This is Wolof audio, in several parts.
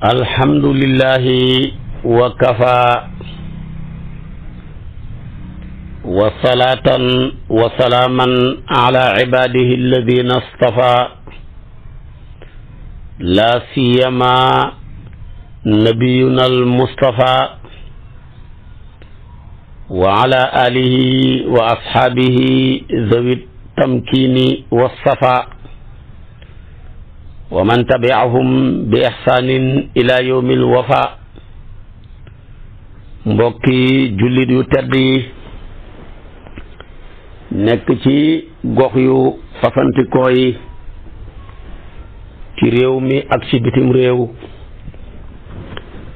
alhamdulillahi wa kafa wa salaatan wa salaaman ala cibaadihi alladina stafa laa siyama nabiyuna almustafa wa ala alihi wa asxaabihi zawi tamkiini wa safa wa man tabiahum bi ihsaanin ila yawmil wafa mbokki jullit yu tedd yi nekk ci gox yu fasantikoo yi ci réew mi ak ci bitim réew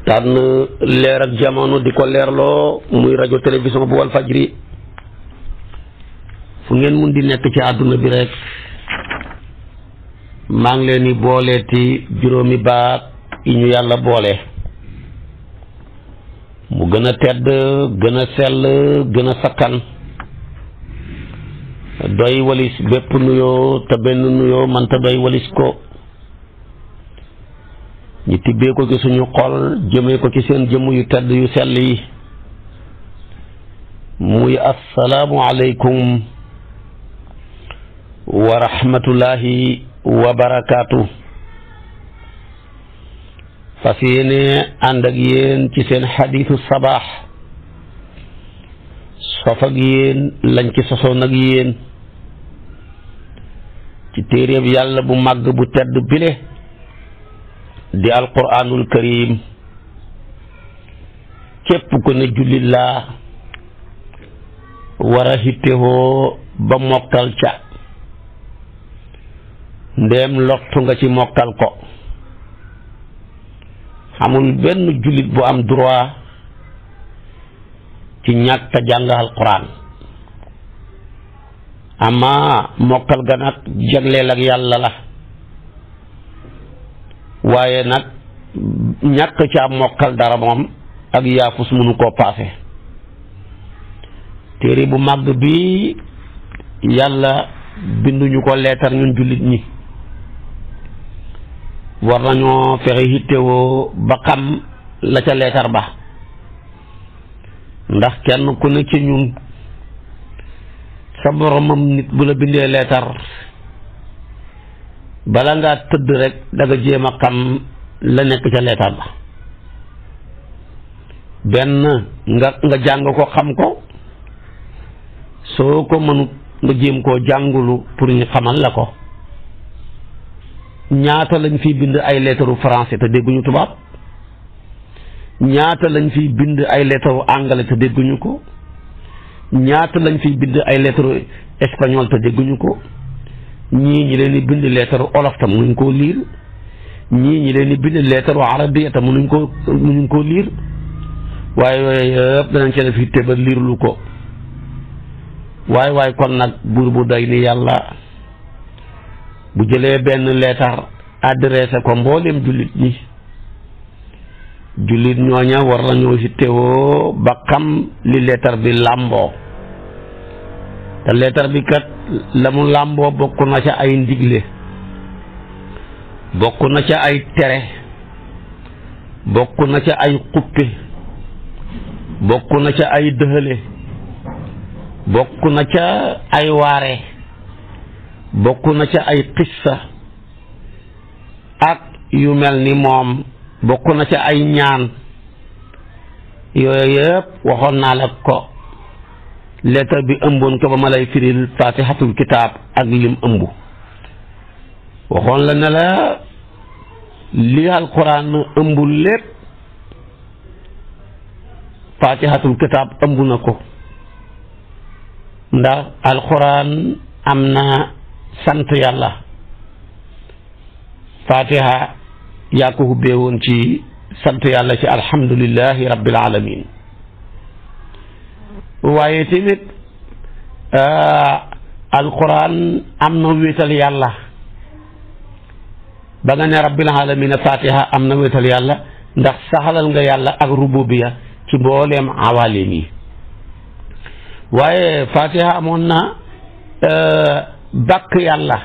tànn leer ak jamono di ko leerloo muy rajo télévision bu Walfajri fu ngeen mun di nekk ci àdduna bi rek maa ngi leen di booleeti juróomi baat yi ñu yàlla boole mu gën a tedd gën a sell gën a sakkan doy walis bépp nuyoo te benn nuyoo mënta doy walis ko ñu tibbee ko ci suñu xol jëmee ko ci seen jëmm yu tedd yu sell yi muy assalaamu aleykum wa rahmatullahi wa barakaatu fas yéene ànd ak yéen ci seen xadiisu sabaax sof ak yéen lañ ci sosoon ak yéen ci téeréeb yàlla bu màgg bu tedd bile di alquraanul karim képp ko ne jullit laa war a hittewoo ba mokkal ca ndéem lottu nga ci mokkal ko amul benn jullit bu am droit ci ñàkk a jàng alquran ama mokkal ga nag jagleel ak yàlla la waaye nag ñàkk am mokkal dara moom ak yaafus mënu koo paase téere bu màgg bi yàlla binduñu ko leetar ñun jullit ñi war nañoo fexe yittewoo ba xam la ca leetar ba ndax kenn ku ne ci ñun sa boromam nit bu la bindee leetar bala ngaa tëdd rek danga jéem a xam la nekk ca leetar ba benn nga nga jàng ko xam ko soo ko mënut nga jéem koo jàngulu pour ñu xamal la ko ñaata lañ fi bind ay leetaru france te dégguñu tubaab ñaata lañ fi bind ay leetaru anglais te dégguñu ko ñaata lañ fi bind ay leetaru espagnol te dégguñu ko ñii ñi leen bind leetaru olof te mënuñ koo liir ñii ñi leen di bind leetaru arabiya te mënuñ koo mënuñ koo liir waaye yooyu yëpp danañ ci def fi liirlu ko waaye waaye kon nag buur bu doy ni yàlla bu jëlee benn leetar adressé ko mboolem jullit ñi jullit ñooña war nañoo yittewoo ba xam li leetar bi làmboo te leetar bi kat la mu làmboo bokk na ca ay ndigle bokk na ca ay tere bokk na ca ay xuppe bokk na ca ay dëhële bokk na ca ay waare bokk na ca ay xissa ak yu mel ni moom bokk na ca ay ñaan yooyu yëpp waxoon naa la ko lettre bi ëmboon ko ba ma lay firil faatihatul kitaab ak lim ëmb waxoon la ne la li alquran ëmb lépp faatihatul kitaab ëmb na ko ndax alquran am na sant yàlla fatiha yaa ko hubbee woon ci sant yàlla ci alhamdulillahi rabbil alamin waaye tamit ah, am na wéetal yàlla ba nga ne rabbil alamin fatiha am na wéetal yàlla ndax saxalal nga yàlla ak rububiya ci mbooleem awalim yi waaye fatiha bàkk yàlla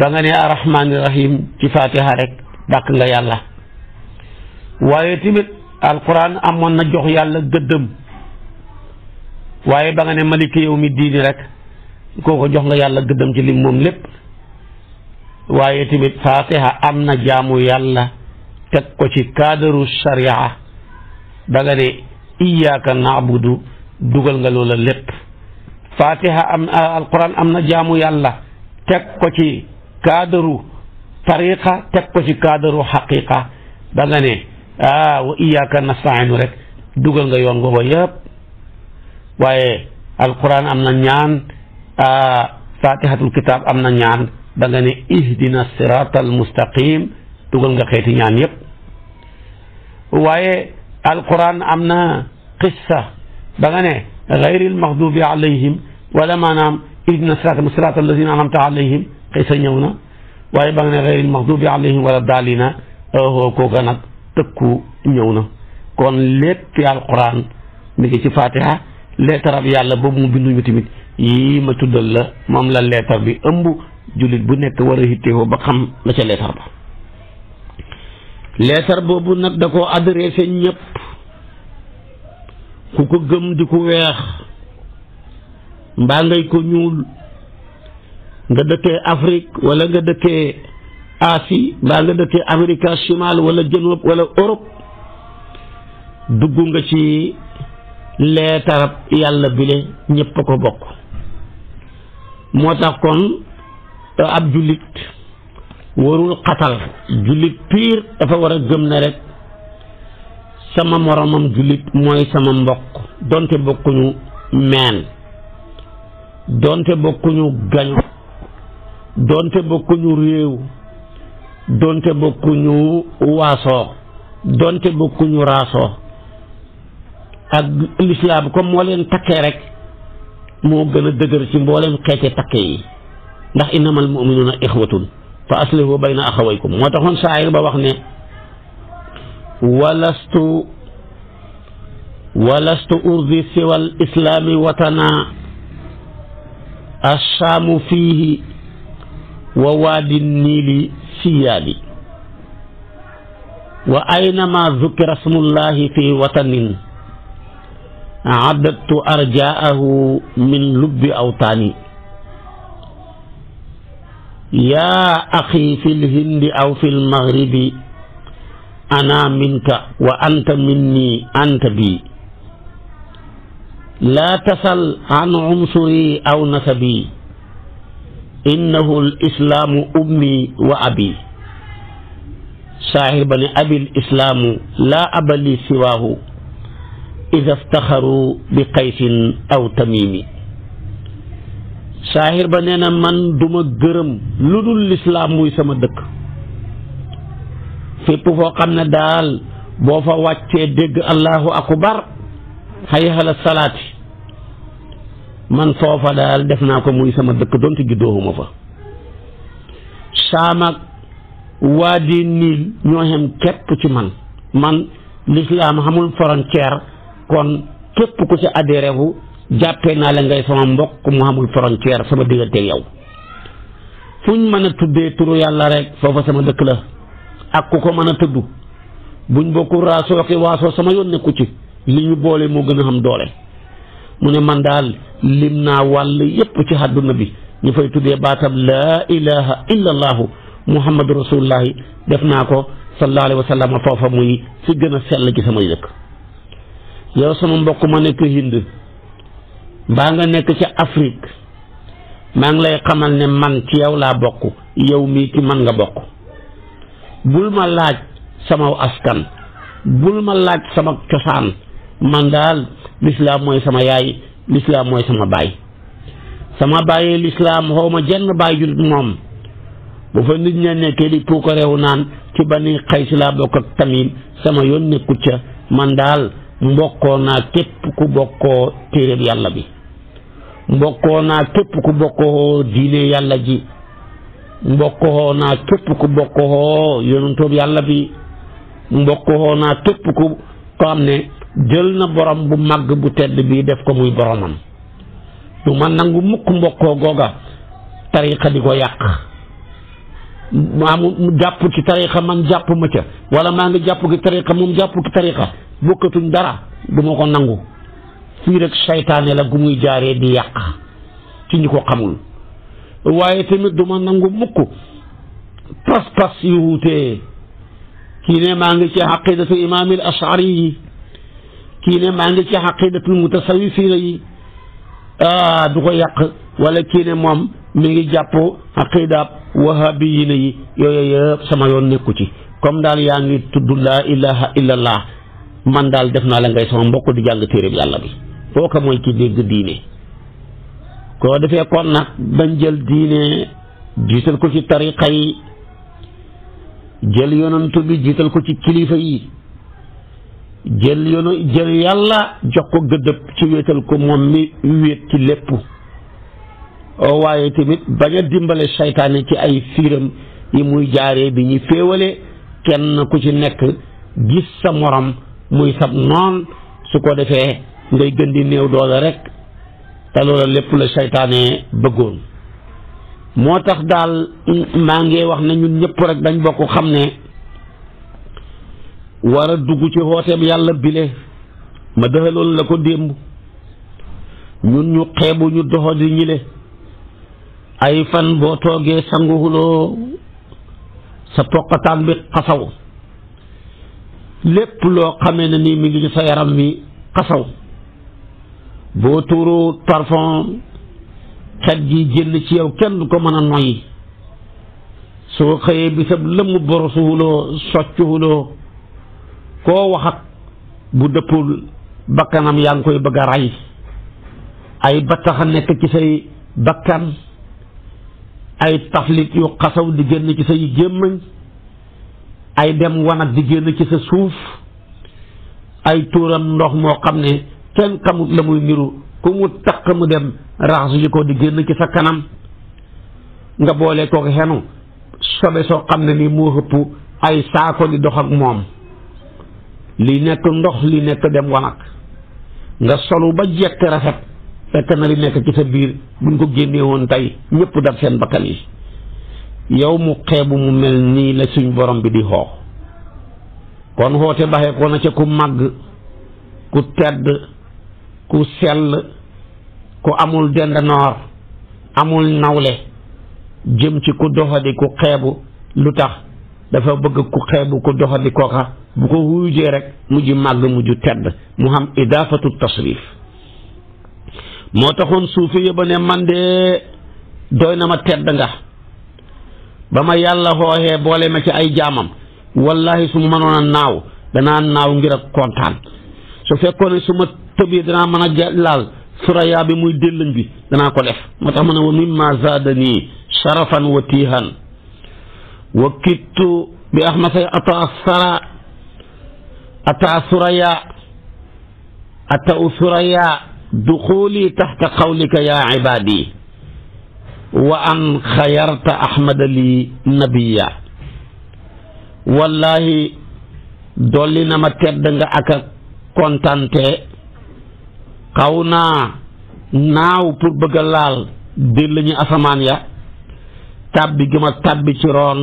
da nga ne arrahmaani rahim ci fatiha rek bàkk nga yàlla waaye tamit alquran amoon na jox yàlla gëddëm waaye ba nga ne maliki yow diini rek kooko jox nga yàlla gëddëm ci lim moom lépp waaye tamit fatiha am na jaamu yàlla teg ko ci kaadaru sharia da nga ne iyyaka naabudu dugal nga loola lépp fatiha am alquran am na jaamu yàlla teg ko ci kaadaru tariqa teg ko ci kaadaru xaqiqa da nga ne ah wa iyyaka nastainu rek dugal nga yoon booba yëpp waaye alquran am na ñaan fatihatul kitab am na ñaan da nga ne ihdina sirata almustaqim dugal nga xeeti ñaan yëpp waaye alquran am na qissa da nga ne gayril maxdubi alayhim wala maanaam ihdina siraatal lazina anamta alayhim xëy sa ñëw na waaye ba nga ne gayril maxdubi alayhim wala daalina kooka nag tëkku ñëw na kon léppi alquran mi ngi ci fatiha leetarab yàlla boobu mu binduñu tamit yi ma tuddal la moom la leetar bi ëmb jullit bu nekk war a hittewoo ba xam la ca leetar ba leetar boobu nag da koo adressé ñëpp ku ko gëm di ku weex mbaa ngay ko ñuul nga dëkkee Afrique wala nga dëkkee Asie mbaa nga dëkkee Amérique chimal wala Janoob wala Europe dugg nga ci leeta yàlla bile ñépp a ko bokk moo tax kon ab jullit warul xatal jullit piir dafa war a gëm ne rek sama moromam jullit mooy sama mbokk donte bokkuñu meen doonte bokkuñu gaño doonte bokkuñu réew doonte bokkuñu waasoo donte bokkuñu raasoo ak lislaam comme moo leen takkee rek moo gën a dëgër ci mbooleem xeete takke yi ndax innamal muminuuna ixwatun fa aslihu bayna axawaykum moo taxoon saayir ba wax ne walastu walastu urdi siwal islaami watana assaamu fiihi wa waadi niili siyaali wa aynama zukira smullahi fi watanin addadtu arjaahu min lubbi awtaani yaa axi fi lhindi aw fi lmagribi ana minka wa anta minni anta bi laa tasal an unsuri aw nasabi innahu l islaamu ummi wa abi saaxiba ne abil islaamu laa abali siwaahu ida ftaxaru bi qaysin aw tamimi saaxir ba nee na man duma gërëm lu dul lislaam muy sama dëkk fépp foo xam ne daal boo fa wàccee dégg allahu akbar xay xala salaati man foofa daal def naa ko muy sama dëkk donte juddoowuma fa saam waa waadi niil ñoo xem képp ci man man lislaam xamul frontière kon képp ku ci adhéré wu jàppee naa la ngay sama mbokk mu xamul frontière sama diggante yow fuñ mën a tuddee turu yàlla rek foofa sama dëkk la ak ku ko mën a tëddu buñ bokkul raasoo ki sama yoon nekku ci li ñu boole moo gën a xam doole mu ne man daal lim naa wàll yépp ci àdduna bi ñu fay tuddee baatab laa ilaha illa allahu muhammadu rasulullahi def naa ko sallallahu alayhi wa sallam foofa muy si gën a sell ci samay dëkk yow sama mbokk ma nekk Hind mbaa nga nekk ci Afrique maa ngi lay xamal ne man ci yow laa bokk yow mii ci man nga bokk bul ma laaj sama askan bul ma laaj sama cosaan man daal lislaam mooy sama yaay lislaam mooy sama baay sama bàyyi lislaam xaw ma jenn baay ju moom bu fa nit ña nekkee di puukareewu naan ci bani xaysi laa bokk ak tamim sama yoon nekku ca man daal mbokkoo naa képp ku bokkoo téeréb yàlla bi mbokkoo naa képp ku bokkoo diine yàlla ji mbokkoo naa képp ku mbokkoo yonentoob yàlla bi mbokkoo naa képp ku ko xam ne jël na borom bu màgg bu tedd bii def ko muy boromam du ma nangu mukk mbokkoo googa tariqa di ko yàq maamu jàpp ci tariqa man jàpp ma ca wala maa ngi jàpp ci tariqa moom jàpp ci tariqa bokkatuñ dara du ma ko nangu fii rek saytaane la gu muy jaaree di yàq ci ñu ko xamul waaye tamit du ma nangu mukk pas-pas yu wuute kii ne maa ngi ci xaqidatu imaam al ashari yi kii ne maa ngi ci xaqidatul mutasawifina yi ah du ko yàq wala kii ne moom mi ngi jàpp xaqidaab wahabiyina yi yooyu yëpp sama yoon nekku ci comme daal yaa ngi tudd laa ilaha illallah man daal def naa la ngay sama mbokk di jàng téereb yàlla bi kooka mooy ki dégg diine koo defee kon nag bañ jël diine jiital ko ci tariqa yi jël yonantu bi jiital ko ci kilifa yi jël yoonu jël yàlla jox ko gëddëb ci wéetal ko moom mi wéet ci lépp waaye tamit bañ a dimbale seytaane ci ay fiiram yi muy jaaree bi ñu féewale kenn ku ci nekk gis sa morom muy sab noon su ko defee ngay gën di néew doole rekk te loola lépp la seytaane bëggoon moo tax daal maa ngi wax ne ñun ñëpp rek dañ bokk xam ne war dugg ci xooteem yàlla bile ma dëxaloon la ko démb ñun ñu xeebu ñu doxo di ñile ay fan boo toogee sanguwuloo sa poqataan bi xasaw lépp loo xamee ne nii mi ngi ci sa yaram wi xasaw boo tuuru parfum xet gi génn ci yow kenn du ko mën a noyyi soo xëyee bisab lëmm borosuwuloo soccuwuloo koo waxat bu dëppul bakkanam yaa ngi koy bëgg a ay battaxa nekk ci say bakkan ay taflit yu xasaw di génn ci say gémmañ ay dem wanag di génn ci sa suuf ay tuuram ndox moo xam ne kenn xamut la muy niru ku mu taq mu dem raxasu ji ko di génn ci sa kanam nga boole kook xenu sobe soo xam ne nii moo xëpp ay saako di dox ak moom li nekk ndox li nekk dem wanag nga solu ba jekk rafet fekk na li nekk ci sa biir buñ ko génnee woon tey ñëpp daf seen bakkan yi yow mu xeebu mu mel nii la suñ borom bi di xoox kon xoote baxee ko na ca ku màgg ku tedd ku sell ku amul dendanoor amul nawle jëm ci ku doxadi ku xeebu lu tax dafa bëgg ku xeebu ku doxadi kooka bu ko wuujee rek mujj màgg mujj tedd mu xam idaafatu tasrif moo taxoon suufi yëba ne man de doy na ma tedd nga ba ma yàlla xooxee boole ma ci ay jaamam wallahi su ma mënoon a naaw danaa naaw ngir ak kontaan su fekkoon ne tëb yi danaa mën a ja laal suraya bi muy déllëñ bi danaa ko def moo tax ma ne wa mimma zaadanii sharafan wa tiihan wa kittu bi axmasay ata sara ata suraya ata suraya duxuli taxta qawlika ya ibaadi wa an xayarta ahmada li nabiya wallahi dolli na ma tedd nga ak a kontante xaw naa naaw pour bëgg a laal di lañu asamaan ya tàbbi gi ma tàbbi ci roon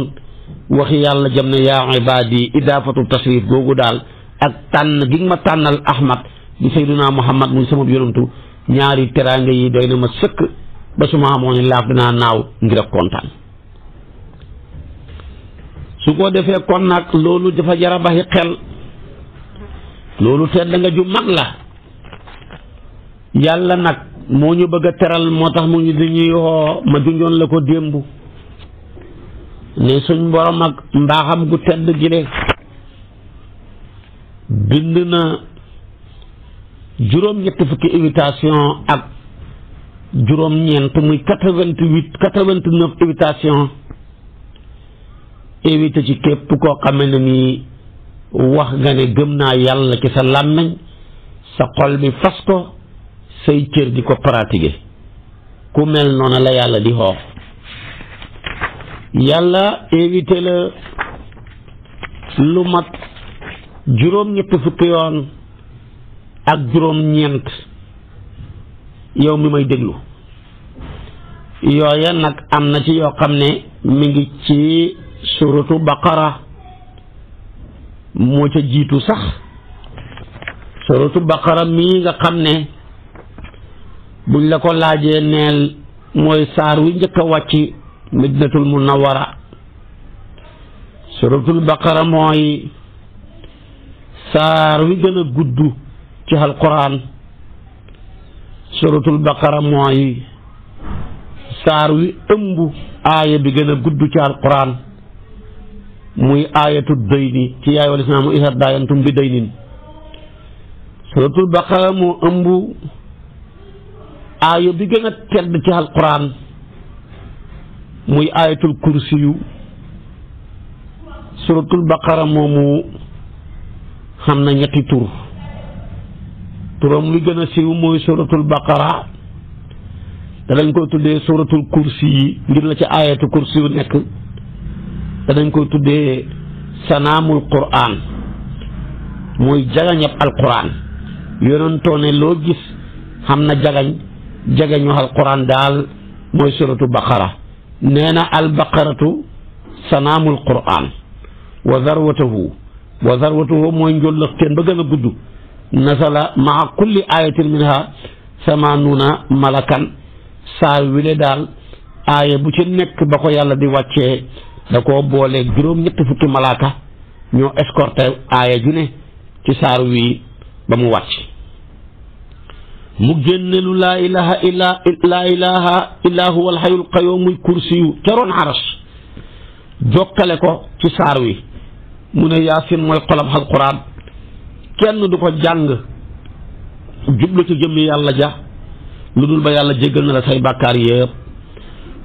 waxi yàlla jëm ne yaa ibaadi idaafatu tashrif googu daal ak tànn gi ma tànnal ahmad di sayduna muhammad muy sama yonantu ñaari teraanga yi doy na ma sëkk ba su ma amoon ne laaf dinaa naaw ngir ak kontaan su ko defee kon nag loolu dafa jarabaxi xel loolu tedd nga ju mag la yàlla nag moo ñu bëgg a teral moo tax mu ñu di ñuy woo ma junjoon la ko démb ne suñ borom ak mbaaxam gu tedd gile bind na juróom ñett fukki invitation ak juróom ñeent muy quatre-vingt-huit quatre-vingt-neuf invitation invité ci képp koo xamee ne nii wax nga ne gëm naa yàlla ci sa làmmiñ sa xol bi fas ko say cër di ko pratiquer ku mel noonu la yàlla di xoox yàlla éviter lu mat juróom ñett fukki yoon ak juróom ñeent yow mi may déglu yooya nag am na ci yoo xam ne mi ngi ci suratu baqara moo ca jiitu sax suratu baqara mii nga xam ne buñ la ko laajee neel mooy saar wi njëkk a wàcc madinatul munawara suratul baqara mooy saar wi gën a gudd ci alquran suratul baqara mooy saar wi ëmb aaya bi gën a gudd ci alquran muy aayatu dayni ci yaay wal islaamu isa daayantum bi daynin suratul baqara moo ëmb aaya bi gën a tedd ci alquran muy aayatul kursiyu suratul baqara moomu xam na ñetti tur turam lu gën a siiw mooy suratul baqara danañ koy tuddee suratul kursi yi ngir la ci aayatu kursi yu nekk danañ koy tuddee sanaamul quraan mooy jagañab alquran yonentoo ne loo gis xam na jagañ jegeñu alquran daal mooy suratu baqara nee na al albaqaratu sanaamul quran wa zarwatuhu wa zarwatuhu mooy njóllasteen ba gën a gudd nasala maa kulli ayatin minha samanuuna malakan saa wile daal aaya bu ci nekk ba ko yàlla di wàccee da koo boole juróom ñetti fukki malaaka ñoo escorté aaya ju ne ci saar wi ba mu wàcc mu génne lu laa ilaha illa laa ilaha illa kursiyu ca aras jokkale ko ci saar wi mu ne yaasin mooy xolab alquran kenn du ko jàng jublu ci jëmmi yàlla ja lu dul ba yàlla jéggal na la say bàkkaar yëpp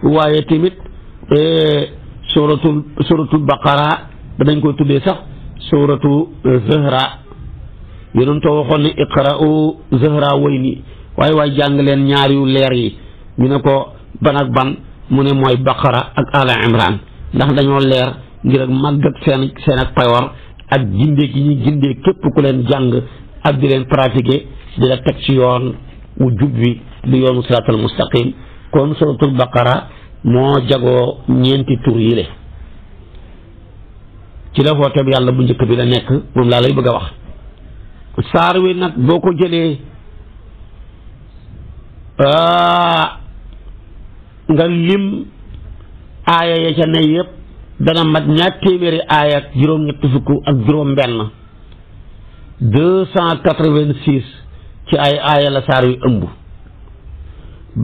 waaye tamit eh, suratul suratul baqara danañ koy tuddee sax suratu zahra yonentoo waxoon ne iqra'u zahrawayni waaye waaye jàng leen ñaar leer yi ñu ne ko ban ak ban mu ne mooy baqara ak ala imran ndax dañoo leer ngir ak màgg ak seen seen ak payoor ak gindee gi ñuy gindee képp ku leen jàng ak di leen pratiquer di la teg ci yoon wu jub wi du yoonu siraatal mustaqim kon suratul baqara moo jagoo ñeenti tur yi le ci la wooteeb yàlla bu njëkk bi la nekk moom laa lay bëgg a wax saar wi nag boo ko jëlee ah, nga lim aaya ya ca ne yëpp dana mat ñaar téeméeri aaya ak juróom-ñetti fukk ak juróom-benn ci ay aaya la saar wi ëmb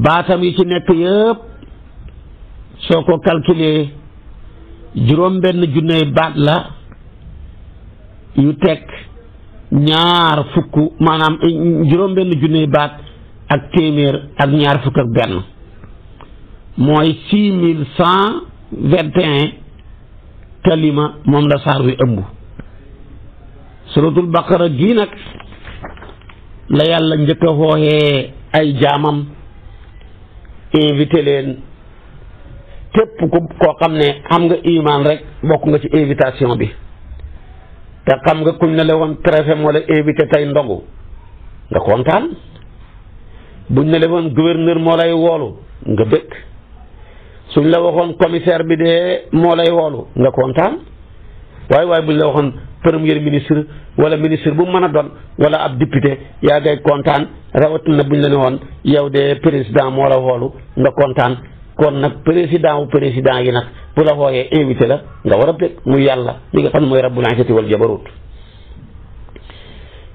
baatam yi ci nekk yëpp soo ko calculer juróom-benn junney baat la yu teg ñaar fukk maanaam eh, juróom-benn junne baat ak téeméer ak ñaar fukk ak benn mooy six mille cent vingt et moom la saar bi ëmb suratul baqara gii nag la yàlla njëkk xooxee ay jaamam invité leen képp ku koo xam ne am nga imaan rek bokk nga ci invitation bi te xam nga kuñ ne la woon préfet moo la invité tey ndogu nga kontaan buñ ne la woon gouverneur moo lay woolu nga bëgg suñ la waxoon commissaire bi de moo lay woolu nga kontaan waaye waaye buñ la waxoon premier ministre wala ministre bu mën a doon wala ab député yaa ngay kontaan rawatina buñ la ne woon yow de président moo la woolu nga kontaan kon nag président wu président yi nag bu la wooyee invité la nga war a bég muy yàlla li nga xam ne mooy rabbul izzati wal jabarut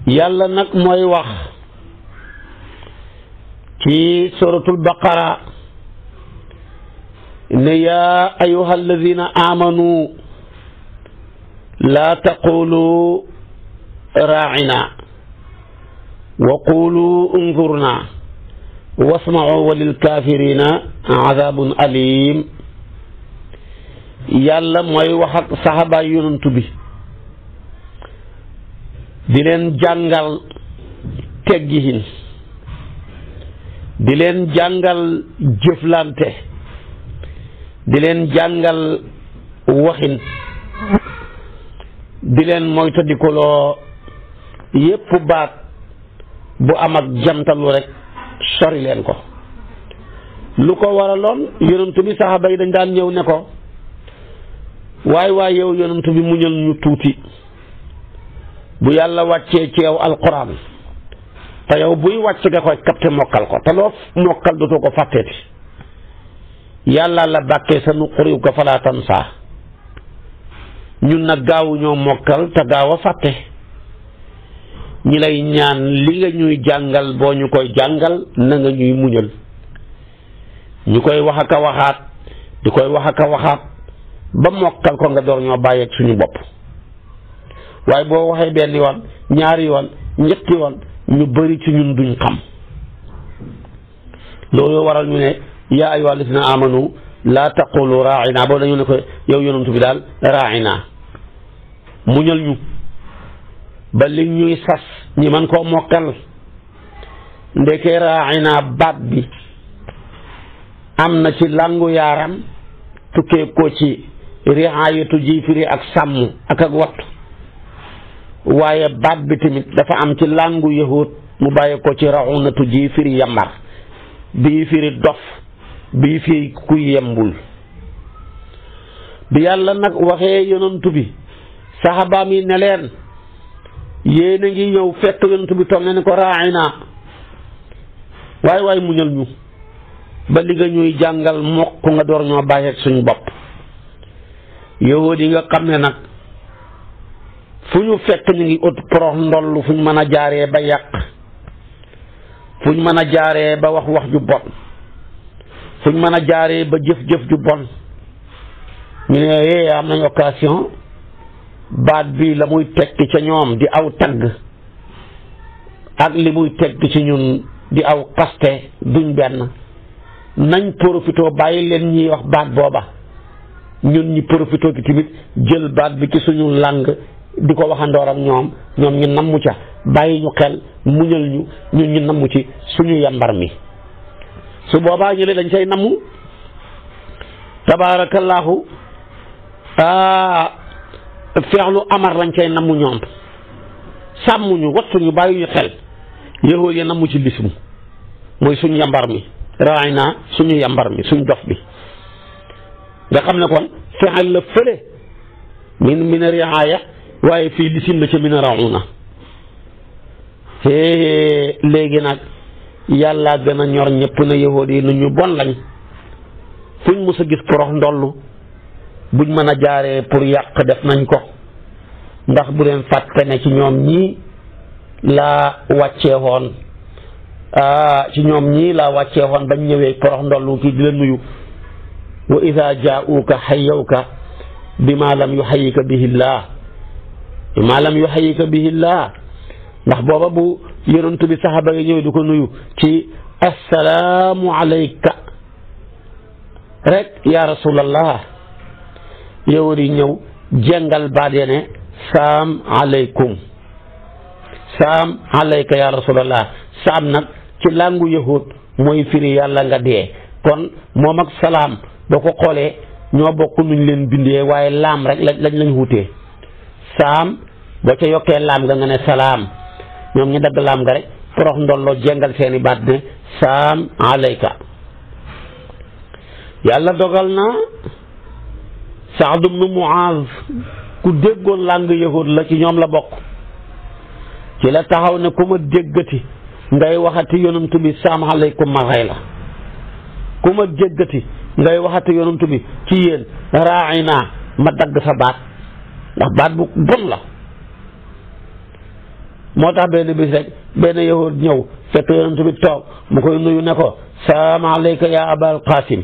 yàlla nag mooy wax ci suratul baqara ne yaa ayuha alladina amanu laa taqulu raina wa qulu unzurna wasmau wa lil kaafirina azabun alim yàlla mooy wax ak saxabaay yonantu bi di leen jàngal teggihin di leen jàngal jëflante di leen jàngal waxin di leen moytandikuloo yépp baat bu am ak jamtalu rek sori leen ko lu ko waraloon yonent bi saxaaba yi dañ daan ñëw ne ko waaye waay yow yonent bi muñal ñu tuuti bu yàlla wàccee ci yow alquran te yow buy wàcc nga koy kapte mokkal ko te loo mokkal dootoo ko fàtteeti yàlla la bàkkee sa nu xuriw ko falaatam ñun nag gaawu mokkal te gaawa fàtte ñi lay ñaan li nga ñuy jàngal boo ñu koy jàngal na nga ñuy muñal ñu koy wax ak a waxaat di koy wax ak a waxaat ba mokkal ko nga door ñoo bàyyeeg suñu bopp waaye boo waxee benn yoon ñaari yoon ñetti yoon ñu bëri ci ñun duñ xam loolu waral ñu ne yaa ayyuhal lazina amanu laa taqulu raaina boo dañu ne ko yow yonantu bi daal raaina muñal ñu ba li ñuy sas ñi man koo mokkal ndeke raaxi baat bi am na ci làngu yaaram tukkee ko ci riaayatu ji firi ak sàmm ak ak wattu waaye baat bi tamit dafa am ci làngu yahut mu bàyyi ko ci raxunatu ji firi yambar bii firi dof bii firi ku yembul bi yàlla nag waxee yonantu bi saxabaam yi ne yéen a ngi ñëw fekk yonent bi toog ko raay naa waaye waaye muñal ñu ba li nga ñuy jàngal mokk nga door ñoo bàyyeeg suñu bopp yowoot yi nga xam ne nag fu ñu fekk ñu ngi ut porox ndoll fu ñu mën a jaaree ba yàq fu ñu mën a jaaree ba wax wax ju bon fu ñu mën a jaaree ba jëf jëf ju bon ñu ne eh, am nañ occasion baat bi la muy teg ca ñoom di aw tagg ak li muy tekki ci ñun di aw kaste duñ benn nañ profitoo bàyyi leen ñuy wax baat booba ñun ñi profitoo ki tamit jël baat bi ci suñu làng di ko waxandooram ñoom ñoom ñu nammu ca bàyyi ñu xel muñal ñu ñun ñu nammu ci suñu yambar mi su boobaa ñële dañ say nammu tabaarakallaahu ah feexlu amar lañ cay namm ñoom sàmmuñu wattuñu bàyyiñu xel yahood ya namm ci lismu mooy suñ yambar mi raay naa suñu yambar mi suñ dof bi nga xam ne kon fexel la fële min min riaaya waaye fii lisim la ca min na léegi nag yàllaa gën a ñor ñëpp na yahood yi nu ñu bon lañ fuñ mës a gis porox ndollu buñ mën a jaaree pour yàq def nañ ko ndax bu leen fàtte ne ci ñoom ñii laa wàccee woon ah, ci ñoom ñii laa wàccee woon bañ ñëwee porox ndollu kii di la nuyu wa ida jaauka xayawka bi maa lam yu xayika bihi llaah bi maa yu xayika bihi llaah ndax booba bu yonent bi saxaaba yi ñëwee du ko nuyu ci assalaamu alayka rek yaa rasulallah yowar yi ñëw jengal baat ya ne saam aleykum saam aleyka ya rasulallah saam nag ci làngu yahud mooy firi yàlla nga dee kon moom ak salaam boo ko xoolee ñoo bokk nuñ leen bindee waaye laam rek lañ lañ wutee saam boo ca yokkee laam nga nga ne salaam ñoom ñu dagg laam nga rek porox ndolloo jengal seeni baat ne saam aleyka yàlla dogal na Saad ibnu Muaz ku déggoon làng yahuud la ci ñoom la bokk ci la taxaw ne ku ma déggati ngay waxati yonent bi saam aleykum ma rey la ku ma déggati ngay waxati yonent bi ci yéen raay naa ma dagg sa baat ndax baat bu bon la moo tax benn bis rek benn yahuud ñëw fekk yonent bi toog mu koy nuyu ne ko saam aleyka yaa abal qasim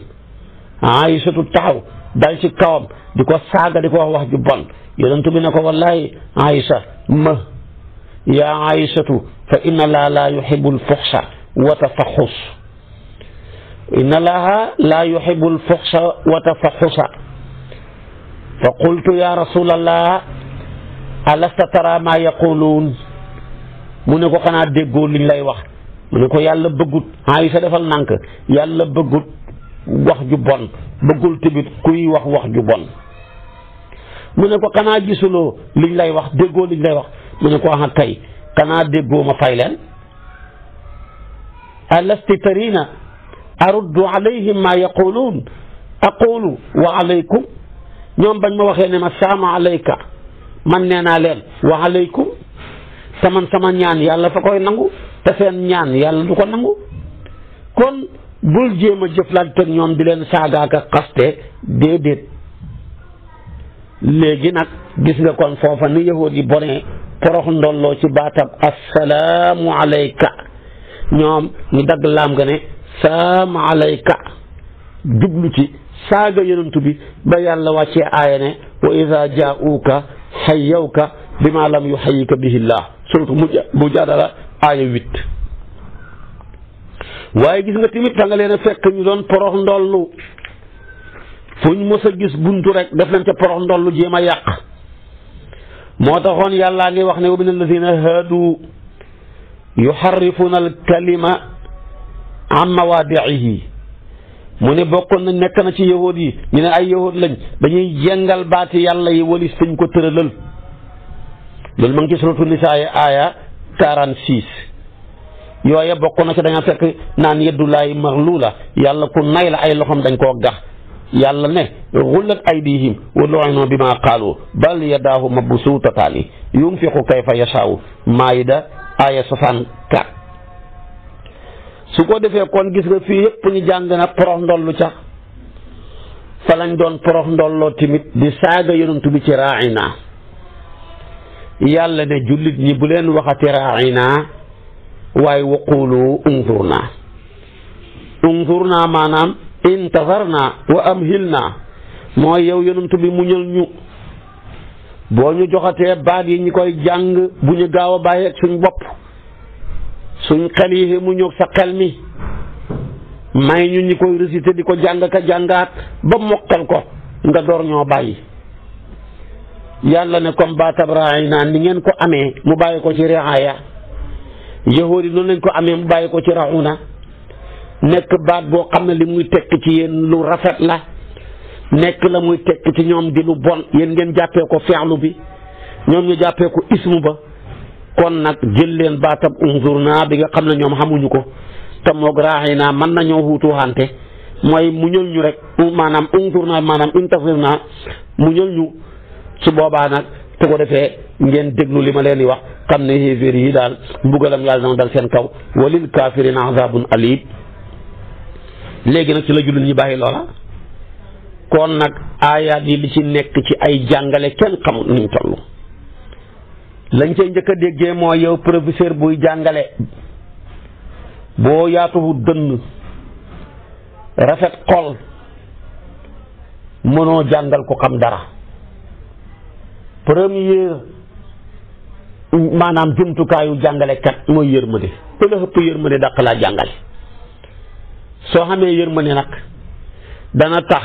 Aysatu taxaw dal ci kawam di ko saaga di ko wax wax ju bon yonent bi ne ko wallahi Aïcha ma yaa Aïchatu fa inna laa laa yuhibbu al-fuhsha wa tafaxus inna laaha laa yuhibbu al-fuhsha wa tafaxusa fa qultu ya rasulallah alasta tara ma yaquluun mu ne ko xanaa déggoo liñ lay wax mu ne ko yàlla bëggut Aïcha defal nànk yàlla bëggut wax ju bon bëggul tamit kuy wax wax ju bon mu ne ko kanaa gisuloo liñ lay wax déggoo liñ lay wax mu ne ko ah kay xanaa déggoo ma fay leen alasti tarina aruddu alayhim ma yaquluun aqulu wa alaykum ñoom bañ ma waxee ne ma saama alayka man nee naa leen wa alaykum te man sama ñaan yàlla fa koy nangu te seen ñaan yàlla du ko nangu kon bul jéem a jëflante ñoom di leen saagaaka xaste déedéet léegi nag gis nga kon foofa nu yahuud yi bone porox ndolloo ci baatab alayka ñoom ñu dagg laam nga ne saam alayka jublu ci saaga yonantu bi ba yàlla wàccee aaya ne wa ida jaauka xayyawka bima lam yuxayyika bihi llah suratu mujaadala aaya huit waaye gis nga tamit da nga leen a fekk ñu doon porox ndollu fu ñu mës a gis buntu rek def nañ ca porox ndollu jéem a yàq moo taxoon yàllaa ngi wax ne wa min alladina haadu yuxarrifuuna alkalima an mawaadiihi mu ne bokkoon nañ nekk na ci yahood yi ñu ne ay yahood lañ dañuy jàngal baat yàlla yi walis fañ ko tëralal loolu ma ngi ci suratu nisaa aaya 46 yooya bokk na ci dañoo fekk naan yeddulaay la yàlla ku nay la ay loxoom dañ koo gax yàlla ne xullat aydihim wa lu'inu bima qaalu bal yadaahu mabsuutataani yunfiqu kayfa yashaa'u maayida aaya soixante-quatre su ko defee kon gis nga fii yëpp ñu jàng na porox ndollu ca fa lañ doon porox ndolloo tamit di saaga yonantu bi ci raa'ina yàlla ne jullit ñi bu leen waxati raa'ina waaye waqulu unzurna unzurna maanaam naa intazarna wa amhilna mooy yow yonent mu muñal ñu boo ñu joxatee baat yi ñi koy jàng bu ñu gaaw a bàyyi suñ bopp suñ xel yi mu ñëw sa xel mi may ñu ñi koy réciter di ko jàng ka jàngaat ba mokkal ko nga door ñoo bàyyi yàlla ne comme baatab raay naan ni ngeen ko amee mu bàyyi ko ci riaya yahood yi noonu lañ ko amee mu bàyyi ko ci na nekk baat boo xam ne li muy tekk ci yéen lu rafet la nekk la muy tekk ci ñoom di lu bon yéen ngeen jàppee ko feexlu bi ñoom ñu jàppee ko ismu ba kon nag jël leen baatab unzur naa bi nga xam ne ñoom xamuñu ko te moog raaxi naa mën nañoo wuutuwante mooy mu ñël ñu rek maanaam unzur naa maanaam intafir naa mu ñël ñu su boobaa nag te ko defee ngeen déglu li ma leen di wax xam ne xéeféer yi daal mbugalam laal na dal seen kaw walil kaafirina azabun alib léegi nag ci la jullit ñi bàyyi loola kon nag aayaat yi li ci nekk ci ay jàngale kenn xamul nuñ toll lañ cay njëkk a déggee mooy yow professeur buy jàngale boo yaatuwu dënn rafet xol mënoo jàngal ko xam dara première maanaam jumtukaayu jàngale jàngalekat mooy yërmande ku la ëpp yërmande dàq laa jàngale soo xamee yërmande nag dana tax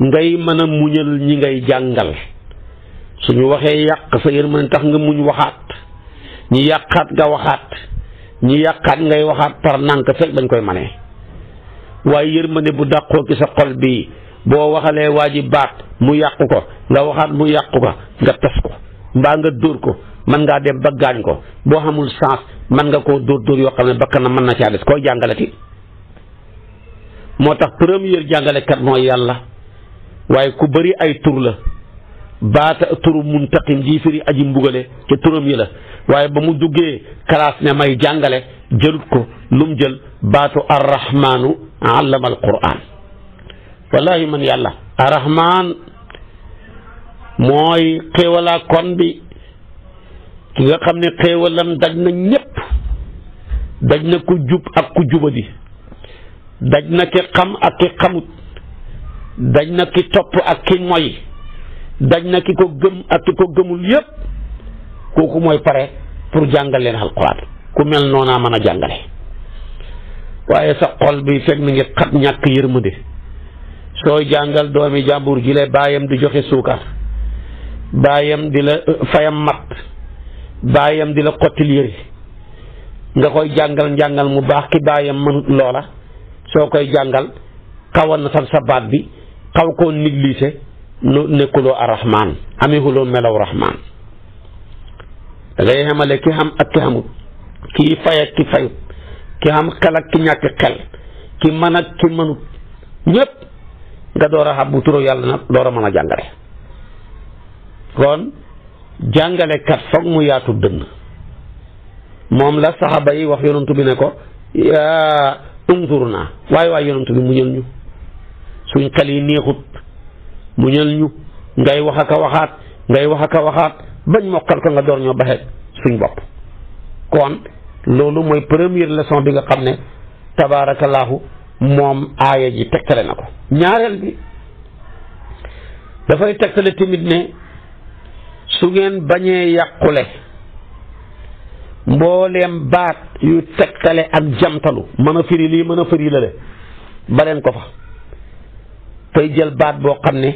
ngay mën a muñal ñi ngay jàngal su ñu waxee yàq sa yërmande tax nga muñ waxaat ñi yàqaat nga waxaat ñi yàqaat ngay waxaat par nànk fekk dañ koy manee waaye yërmande bu dàqoo ci sa xol bii boo waxalee waa ji baat mu yàq ko nga waxaat mu yàq ko nga tas ko mbaa nga dóor ko man ngaa dem ba gaañ ko boo xamul sens man nga koo dóor dóor yoo xam ne bakkanam mën na caa des koy jàngalati moo tax premier jàngalekat mooy yàlla waaye ku bëri ay tur la baata turu muntaqim ji firi aji mbugale ca turam yi la waaye ba mu duggee classe ne may jàngale jëlut ko lu mu jël baatu arrahmaanu allama alquran wallahi man yàlla arrahmaan mooy xéewalaa bi ki nga xam ne xéewalam daj na ñépp daj na ku jub ak ku jubadi daj na ki xam ak ki xamut daj na ki topp ak ki moy daj na ki ko gëm ak ki ko gëmul yépp kooku mooy pare pour jàngal leen alxuraan ku mel noonaa mën a jàngale waaye sa xol bi fekk mi ngi xat ñàkk yërmande sooy jàngal doomi jàmbur ji la baayam di joxe suukar baayam di la euh, fayam mat baayam dina la xottil nga koy jàngal njàngal mu baax ki baayam mënut loola soo koy jàngal xawoon na sax sa baat bi xaw koo négligé nu nekkuloo arrahman amewuloo melaw melow da ngay xamale ki xam ak ki xamut kii fay ak ki fayut ki xam xel ak ki ñàkk xel ki mën ak ki mënut ñépp nga door a xam bu turo yàlla nag door a mën a jàngale kon jàngalekat foog mu yaatu dënn moom la saxaba yi wax yonantu bi ne ko unzur naa waaye waaye yonantu bi mu ñël ñu suñ xel yi neexut mu ñël ñu ngay wax ak a waxaat ngay wax ak a waxaat bañ mokkal ko nga door ñoo baxee suñ bopp kon loolu mooy première leçon bi nga xam ne tabaarakallaahu moom aaya ji tegtale na ko ñaareel bi dafay tegtale tamit ne su ngeen bañee yàqule mbooleem baat yu tegtale ak jamtalu mën a firi lii mën a firi la le ba leen ko fa tey jël baat boo xam ne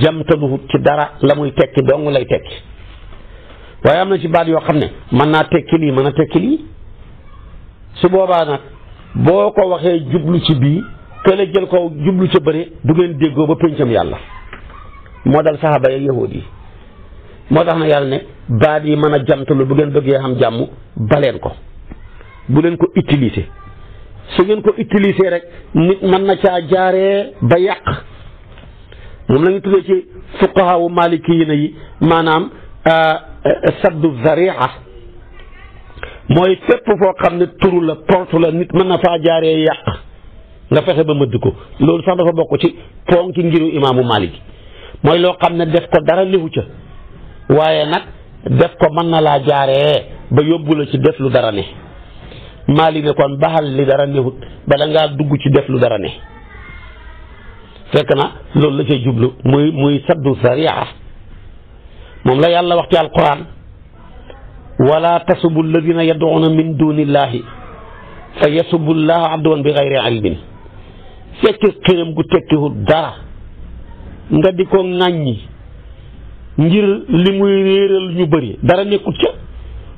jamtaluwut ci dara la muy tekki dong lay tekki waaye am na ci baat yoo xam ne mën naa tekki lii mën a tekki lii su boobaa nag boo ko waxee jublu ci bii kële jël ko jublu ci bëre du ngeen déggoo ba péncam yàlla moo dal saxaaba ya yahuud yi moo tax na yàlla ne baat yi mën a jantalu bu ngeen bëggee xam jàmm baleen ko bu leen ko utiliser su ngeen ko utiliser rek nit mën na caa jaaree ba yàq moom la ñu tuddee ci fuqahaawu maalikiyiina yi maanaam euh, saddu zari'a mooy fépp foo xam ne turu la porte la nit mën na faa jaaree yàq nga fexe ba mëdd ko loolu sax dafa bokk ci ponki ngiru imaamu Maalik mooy loo xam ne def ko dara liwu ca waaye nag def ko mën na laa jaaree ba yóbbu ci def lu dara ne maali ne kon baxal li dara newut bala ngaa dugg ci def lu dara ne fekk na loolu la cay jublu mu muy saddu sariya moom la yàlla wax ci alquran wala tasubu alladina yaduuna min dunillahi fa yasubu llaha adwan bi gayri ilmin fekk xërëm gu tekkiwul dara nga di ko ŋàññi ngir li muy réeral ñu bari dara nekkut ca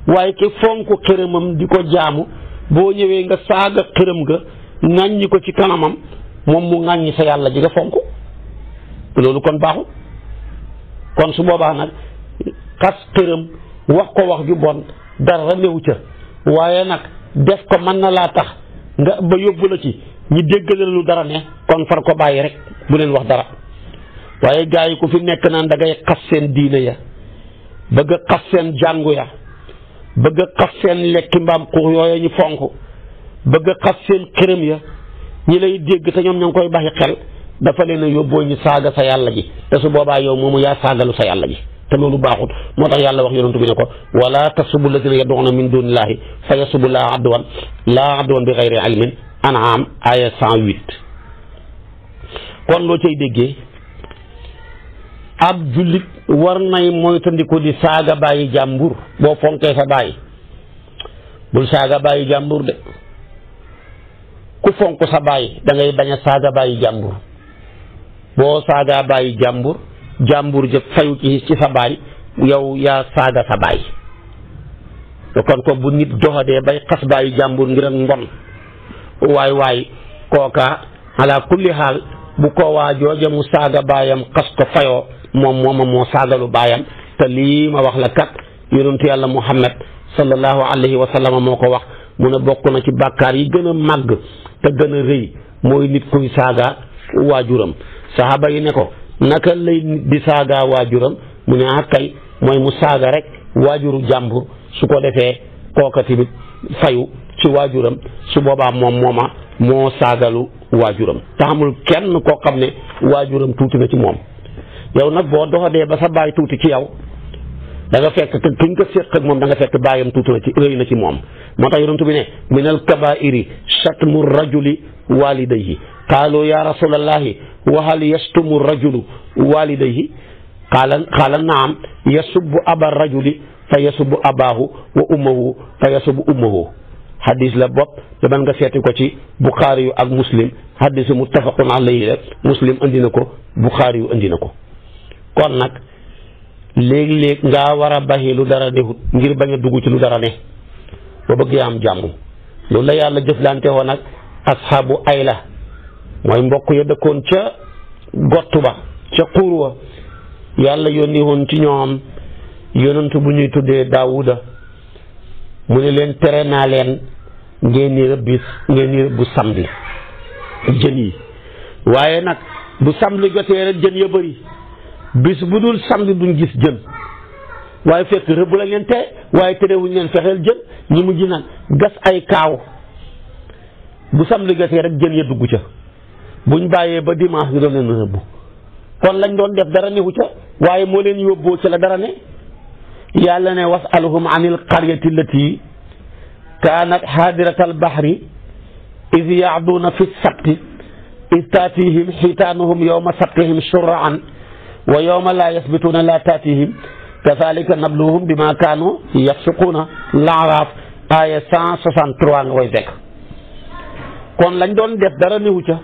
waaye ke fonk xërëmam di ko jaamu boo ñëwee nga saaga xërëm nga ŋàññi ko ci kanamam moom mu ŋàññi sa yàlla ji nga fonk loolu kon baaxul kon su boobaa nag xas xërëm wax ko wax ju bon dara newu ca waaye nag def ko mën na laa tax nga ba yóbbu la ci ñi déggal lu dara ne kon far ko bàyyi rek bu leen wax dara waaye gars yi ku fi nekk naan da ngay xas seen diine ya bëgg a xas seen jàngu ya bëgg a xas seen lekki mbaam xuux yooya ñu fonk bëgg a xas seen xërëm ya ñi lay dégg te ñoom ñoo ngi koy baxi xel dafa leen a yóbboo ñu saaga sa yàlla ji te su boobaa yow moom yaa saagalu sa yàlla ji te loolu baaxut moo tax yàlla wax yonentu bi ne ko wala tasubu lazina yad'una min dunillahi fa yasubu laa adwan laa adwan bi xayri ilmin anam aya 108 kon loo cay déggee ab jullit war nay moytandiku di saaga bàyyi jàmbur boo fonkee sa bàyyi bul saaga bàyyi jàmbur de ku fonk sa bàyyi da ngay saaga bàyyi jàmbur boo saagaa bàyyi jàmbur jàmbur jëf ci sa baay yow yaa saaga bu nit doxadee bay xas bàyyi jàmbur ngir ak mbon waay waay kooka ala kulli xaal bu ko waa jooja mu saaga baayam xas ko fayoo moom mooma moo saagalu baayam te lii ma wax la kat yonentu yàlla muhammad sallallahu alayhi wa sallam moo ko wax mu ne bokk na ci bàkkaar yi gën a màgg te gën a rëy mooy nit kuy saaga waajuram saxaaba yi ne ko naka lay nit di saaga waajuram mu ne akkay ah mooy mu saaga rek waajuru jàmbur su ko defee kooka tamit fayu ci waajuram su boobaa moom mooma moo saagalu waajuram te amul kenn koo xam ne waajuram tuuti na ci moom yow nag boo doxadee ba sa baay tuuti ci yow da nga fekk kuñ ko séq ak moom da nga fekk baayam tuuti na ci rëy na ci moom moo tax yonent bi ne min al kabairi shatmu rajuli walidayhi qaalu ya rasulallahi wa hal yastumu rajulu walidayhi qaala qaala naam yasubbu aba rajuli fa yasubbu abaahu wa ummahu fa yasubbu ummahu hadis la bopp da mën nga seeti ko ci buxaari yu ak muslim hadisu muttafaqun alayhi la muslim andi na ko buxaari yu andi na ko kon nag léeg-léeg ngaa war a baxi lu dara nexut ngir bañ a dugg ci lu dara ne ba bëggee am jàmm loolu la yàlla jëflante woon ak asxaabu la mooy mbokk ya dëkkoon ca gott ba ca xuur wa yàlla yónni woon ci ñoom yonantu bu ñuy tuddee daawuda mu ne leen tere naa leen ngeen ni rëbbi ngeen ni rëbbu samedi jën yi waaye nag bu samedi jotee rek jën ya bëri bis bu dul samedi duñ gis jën waaye fekk rëbb la leen waaye terewuñ leen fexeel jën ñi mujj naan gas ay kaaw bu samedi gasee rek jën ya dugg ca buñ bàyyee ba dimanche ñu doon leen rëbb kon lañ doon def dara newu ca waaye moo leen yóbboo ci la dara ne yàlla ne wasaluhum anil qaryati allati kaanat xaadirata albahri id yaaduuna fi sabti id taatihim xitaanuhum yowma sabtihim shuraan waa yow ma laa yasbituuna laa te taatihim kazalika nabluhum bima kaanu yafsiquuna laaraaf aaya 163 nga koy fekk kon lañ doon def dara newu ca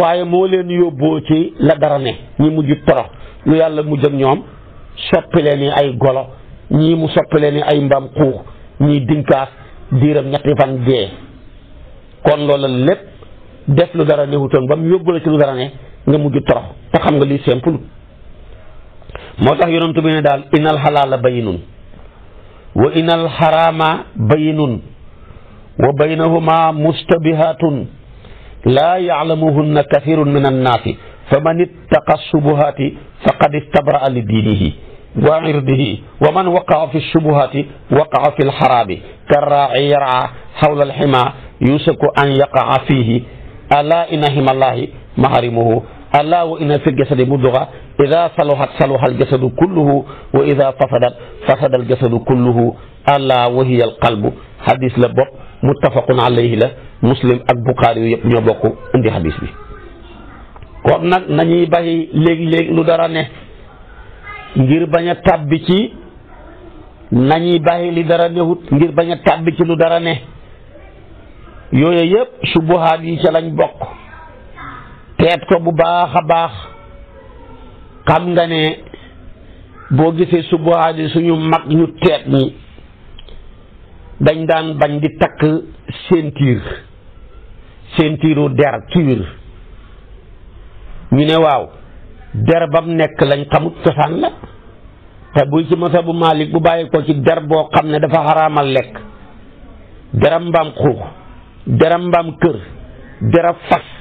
waaye moo leen yóbboo ci la dara ne ñi mujj torox lu yàlla mu ak ñoom soppi ni ay golo ñii mu soppi ni ay mbaam xuux ñii dinkaas diiram ñetti fan dee kon loolu lépp def lu dara newutoon ba mu yóbbu la ci lu dara ne nga mujj torox te xam nga lii simple moo tax yonent bi ne daal innal xalaala bayinun wa innal xaraama bayinun wa baynahuma mustabihatun laa yaclamuhunna kathirun min annaasi fa man ittaqa subuhaati faqad istabra'a li diinihi wa irdihi wa man waqaa fi subuhaati waqaa fi lxaraami karraaci yarcaa xawla alxima yusaku an yaqaca fiihi alaa inna himallahi maharimuhu alaa wa inna fil jasadi mudga ida salahat salaha aljasadu kulluhu wa ida fasadat fasada aljasadu kulluhu alaa wa hiya alqalbu hadis la bopp muttafaqun alayhi la muslim ak buxaari yu yëpp ñoo bokk indi hadis bi kon nag nañuy bàyyi léegi-léegi lu dara ne ngir bañ a ci li dara newut ngir bañ a tàbbi lu dara ne yooyu yëpp subuhaat yi ca lañ bokk teet ko bu baax a baax xam nga ne boo gisee subahaat yi suñu mag ñu teet ñi dañ daan bañ di takk ceinture ceinture der cuir ñu ne waaw der bam nekk lañ xamut cosaan la te buy ci masa bu Maalik bu bàyyi ko ci der boo xam ne dafa xaraamal lekk deram mbaam xuux deram mbaam kër dera fas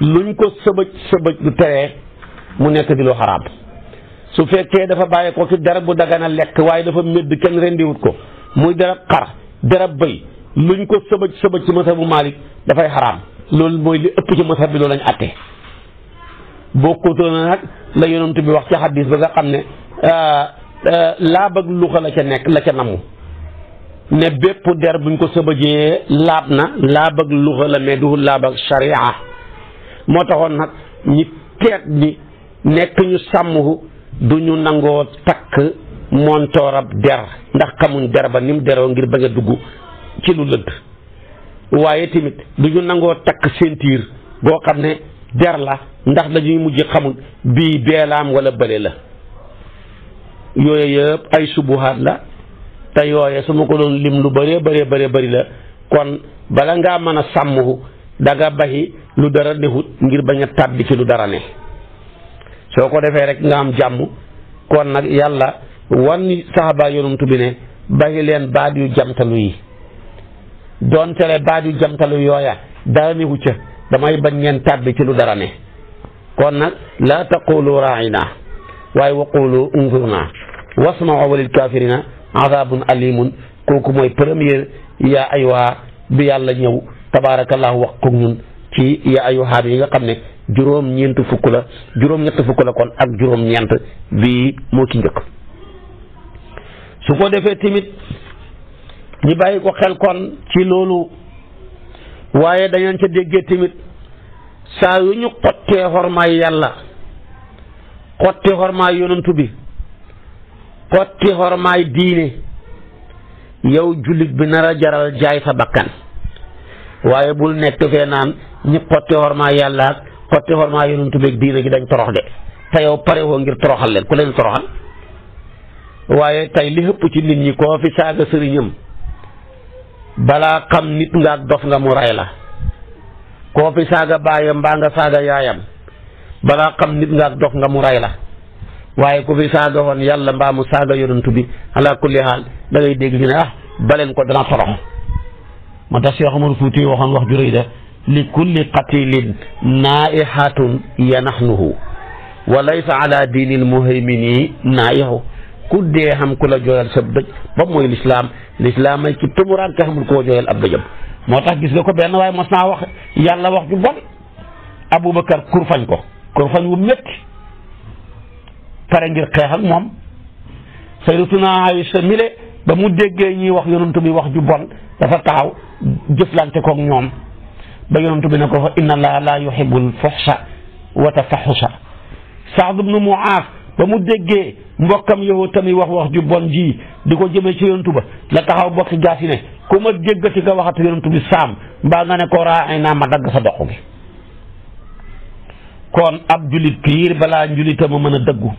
luñ ko sëbëj sëbëj lu teree mu nekk di lu xaraam su fekkee dafa bàyyi ko ci darab bu dagana lekk waaye dafa médd kenn rendiwut ko muy darab xar darab bëy luñ ko sëbëj sëbëj ci bu Maalik dafay xaraam loolu mooy li ëpp ci mazhab bi loolu lañ àtte bokkutoo na nag la yonent bi wax ci xaddis ba nga xam ne euh, euh, laab ak luxa la ca nekk la ca namu ne bépp der buñ ko sëbëjee laab na laab ak luxa la mais du laab moo taxoon nag ñi teet ñi nekk ñu sàmm du ñu nangoo takk montoorab der ndax xamuñ der ba ni mu deroo ngir bañ a dugg ci lu lëdd waaye tamit du ñu nangoo takk ceinture boo xam ne der la ndax dañuy mujj xamuñ bii beelaam wala bële la yooyu yëpp ay subuhaat la te yooye su ma ko doon lim lu bëree bëree bëri bëri la kon bala ngaa mën a sàmm da baxi lu dara newut ngir bañ a tàbbi ci lu dara ne soo ko defee rek nga am jàmm kon nag yàlla wan saxaaba yonumtu bi ne bàyyi leen baat yu jamtalu yi doonte le baat yu jamtalu yooya dara newu ca damay bañ ngeen tàbbi ci lu dara ne kon nag laa taqulu raayna waaye waqulu unzurna wasmau walil kafirina azabun alimun kooku mooy première yaa ay bi yàlla ñëw tabaarakallahu wax ko ñun ci ya ayu yi nga xam ne juróom ñeent fukk la juróom ñett fukk la kon ak juróom ñeent bii moo ci njëkk su ko defee tamit ñi bàyyi ko xel kon ci loolu waaye dañoon ca déggee tamit saa yu ñu xottee xormaay yàlla xotti xormaay yonantu bi xotti xormaay diine yow jullit bi nar a jaral jaay sa bakkan waaye bul nekk fee naan ñi xotti xormaa yàlla ak xotti xormaa yonent bi ak diine gi dañ torox de te yow pare woo ngir toroxal leen ku leen toroxal waaye tey li ëpp ci nit ñi koo fi saaga sëriñam balaa xam nit nga ak dof nga mu ray la koo fi saaga baayam mbaa nga saaga yaayam balaa xam nit nga ak dof nga mu ray la waaye ku fi saaga woon yàlla mbaa mu saaga yonent bi ala ku haal da ngay dégg ñu ah baleen ko dana torox moo tax Cheikh Omar waxoon wax juróoy da li kulli qatilin naihatun yanaxnuhu wa laysa ala diinil muhaymini naihu ku dee xam ku la jooyal sa dëj ba mooy lislaam lislaam ci tumuraan ka xamul koo jooyal ab dëjam moo tax gis nga ko benn waaye ma naa wax yàlla wax ju bon Aboubacar kurfañ ko kurfañ wu métti pare ngir xeex ak moom sayyidatuna Aïcha mile ba mu déggee ñuy wax yonantu bi wax ju bon dafa taxaw jëflante koog ñoom ba yonent bi ne ko fa inna allaha la yuhibbul fuhsha wa tafaxusha Saad ibnu Muaaz ba mu déggee mbokkam yow tamit wax wax ju bon ji di ko jëmee ci yonent ba la taxaw bokki gaas yi ne ku ma jéggati nga bi saam mbaa nga ne ko raa ay naa ma dagg sa dox ab julit piir balaa njulita ma mën a dëggu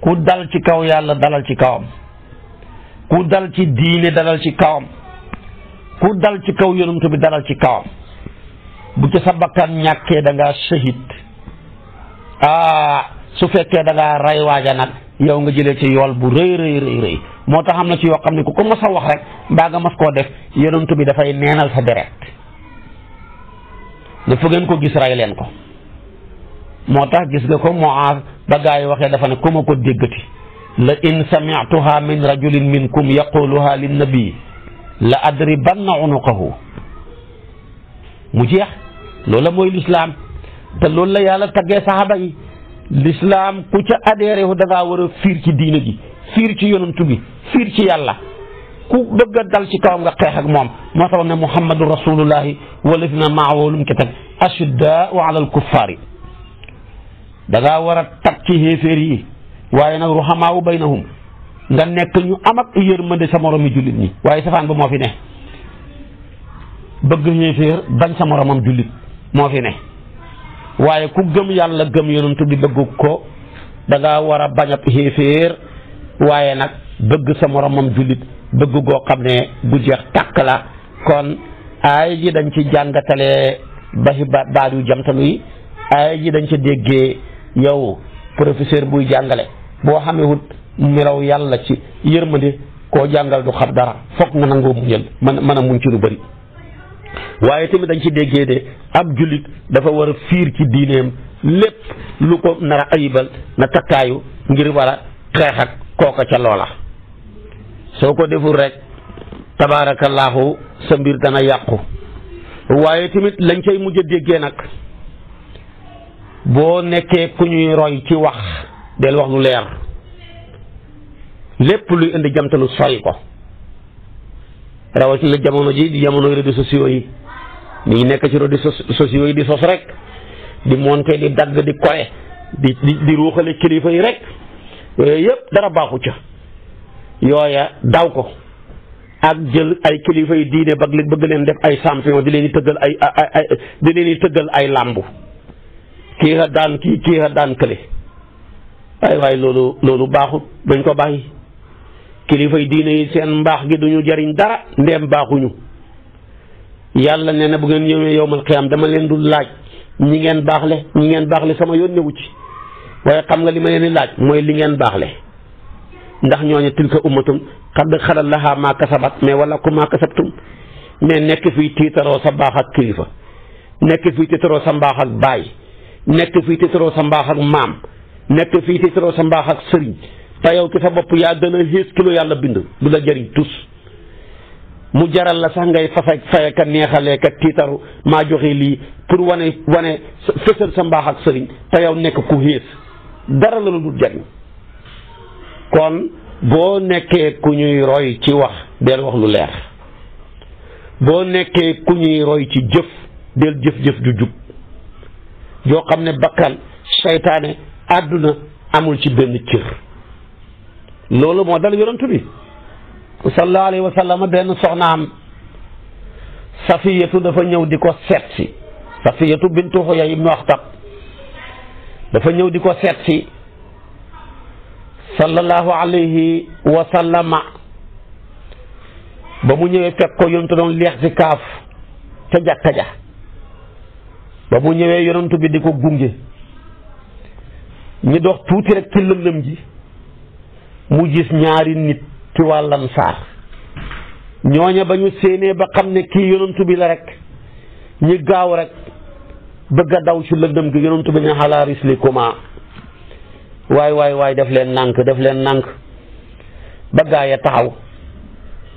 ku dal ci kaw yàlla dalal ci kawam ku dal diine dalal ci kawam ku dal ci kaw yonent bi dalal ci kawam bu ci sa bakkan ñàkkee da ngaa ah, su fekkee da ngaa rey waaja nag yow nga jëlee ci yool bu rëy rëy rëy moo tax am na ci yoo xam ne ku ko mas a wax rek mbaa nga mas koo def yonent bi dafay neenal sa deret ne fu ngeen ko gis rey leen ko moo tax gis nga ko Muaaz ba gaa yi waxee dafa ne ku ma ko déggati la in sami'tuha min rajulin minkum yaquluha linnabi la adribanna unuqahu mu jeex loola mooy lislaam te loolu la yàlla taggee saxaaba yi lislaam ku ca adhéré wu da ngaa war a fiir ci diina gi fiir ci yonantu bi fiir ci yàlla ku bëgg a dal ci kawam nga xeex ak moom moo tax ne muhammadu rasulullahi walladina maahu lum ca teg ashiddaau ala alkuffaari da ngaa war a tag ci yi waaye nag ruhamaau baynahum nga nekk ñu am ak yërmande sa moroomi jullit ñi waaye safaan ba moo fi ne bëgg yéeféer bañ sa moroomam jullit moo fi ne waaye ku gëm yàlla gëm yonent bi bëgg ko da ngaa war a bañ ab waaye nag bëgg sa moroomam jullit bëgg goo xam ne bu jeex tàkk la kon aay ji dañ ci jàngatalee baxi ba baadu jamtalu yi aay ji dañ ci déggee yow professeur buy jàngale boo xamewut melaw yàlla ci yërmande koo jàngal du xam dara foog nga nangoo muñal man mën a muñ ci lu bari waaye tamit dañ ci déggee de ab jullit dafa war a fiir ci diineem lépp lu ko nar a ayibal na takkaayu ngir war a xeex ak kooka ca loola soo ko deful rek tabaarakallaahu sa mbir dana yàqu waaye tamit lañ cay mujj a déggee nag boo nekkee ku ñuy roy ci wax del wax lu leer lépp luy indi jamtalu sori ko rawatina jamono ji di jamono réseaux sociaux yi nekk ci réseaux sociaux yi di sos rek di monter di dagg di kore di di ruuxale kilifa yi rek yooyu yëpp dara baaxu ca yooya daw ko ak jël ay kilifa yi diine ba bëgg leen def ay champion di leen di tëggal ay ay di leen tëggal ay làmbu kii xa daan kii kii daan kële waaye waaye loolu loolu baaxut bañ ko bàyyi kilifa yi diine yi seen mbaax gi duñu jariñ dara ndeem baaxuñu yàlla nee na bu ngeen ñëwee yowmal xiyaam dama leen du laaj ñi ngeen baaxle ñi ngeen baaxle sama yoon newu ci waaye xam nga li ma leen di laaj mooy li ngeen baaxle ndax ñoo ñooñu tilka ummatum xad xalal lahaa maa kasabat mais wala ku maa kasabtum mais nekk fii tiitaroo sa baax ak kilifa nekk fii tiitaroo sa mbaax ak baay nekk fii tiitaroo sa mbaax ak maam nekk fii tiitaroo sa mbaax ak sëriñ te yow ci sa bopp yaa gën a xées kilo yàlla bind du la jëriñ tus mu jaral la sax ngay fasa fayaka neexaleeka tiitaru maa joxe lii pour wane wane fësal sa mbaax ak sëriñ te yow nekk ku xées dara la lu jariñ kon boo nekkee ku ñuy roy ci wax del wax lu leer boo nekkee ku ñuy roy ci jëf del jëf-jëf ju jub yoo xam ne bakkan seytaane àdduna amul ci benn cër loolu moo dal yonent bi sallallahu alayhi benn sallam benn soxnaam safiyatu dafa ñëw di ko seet si safiyatu bintu Huyay ibnu Axtab dafa ñëw di ko seet si sallallahu alayhi wa sallama ba mu ñëwee fekk ko yonent doon leex si kaaf ca jàkka ja ba mu ñëwee yonent bi di ko gunge ñi dox tuuti rek ci lëndëm ji mu gis ñaari nit ci wàllan saar ñooña ba ñu séenee ba xam ne kii yonantu bi la rek ñi gaaw rek bëgg a daw ci lëndëm gi yonantu bi ne xalaa rislikuma waay waay waaye def leen nànk def leen nànk ba gaa ya taxaw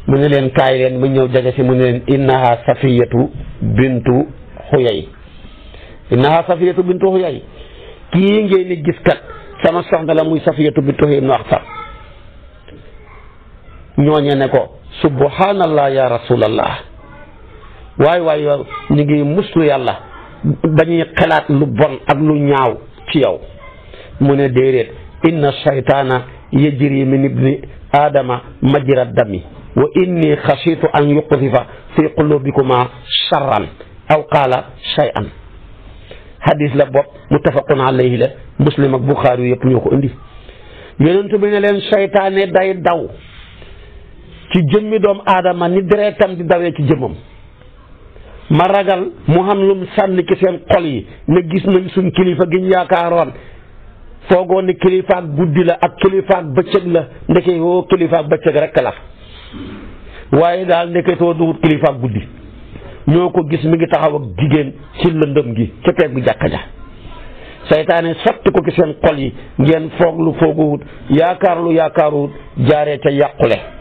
mu ne leen kaay leen mu ñëw jege si mu ne leen innaha safiyatu bintu xuyay innaha safiyatu bintu xuyay kii ngeen gis kat sama soxna la muy safiyatu bintu xuyay nu ñooñe ne ko subhanallah ya rasulallah waay waay yow ñu ngi muslu yàlla dañuy xalaat lu bon ak lu ñaaw ci yow mu ne déedéet inna shaytaana yajri min ibni aadama majra dami wa inni xasiitu an yuqdifa fi qulubikuma charran aw qaala shay'an hadis la bopp muttafaqun alayhi la muslim ak buxaari yëpp ñoo ko indi yonent bi ne leen seytaane day daw ci jëmmi doomu aadama ni deretam di dawee ci jëmmam ma ragal mu xam lum sànni ci seen xol yi ne gis nañ suñ kilifa gi ñu yaakaaroon foogoo ne kilifaak guddi la ak kilifaak bëccëg la ndeke woo kilifaak bëccëg rekk la waaye daal ndeketoo duwut kilifaak guddi ñoo ko gis mi ngi taxaw ak jigéen ci lëndëm gi ca peggu jàkka ja saytaane sotti ko ci seen xol yi ngeen foog lu fooguwut yaakaar lu yaakaaruwut jaaree ca yàqule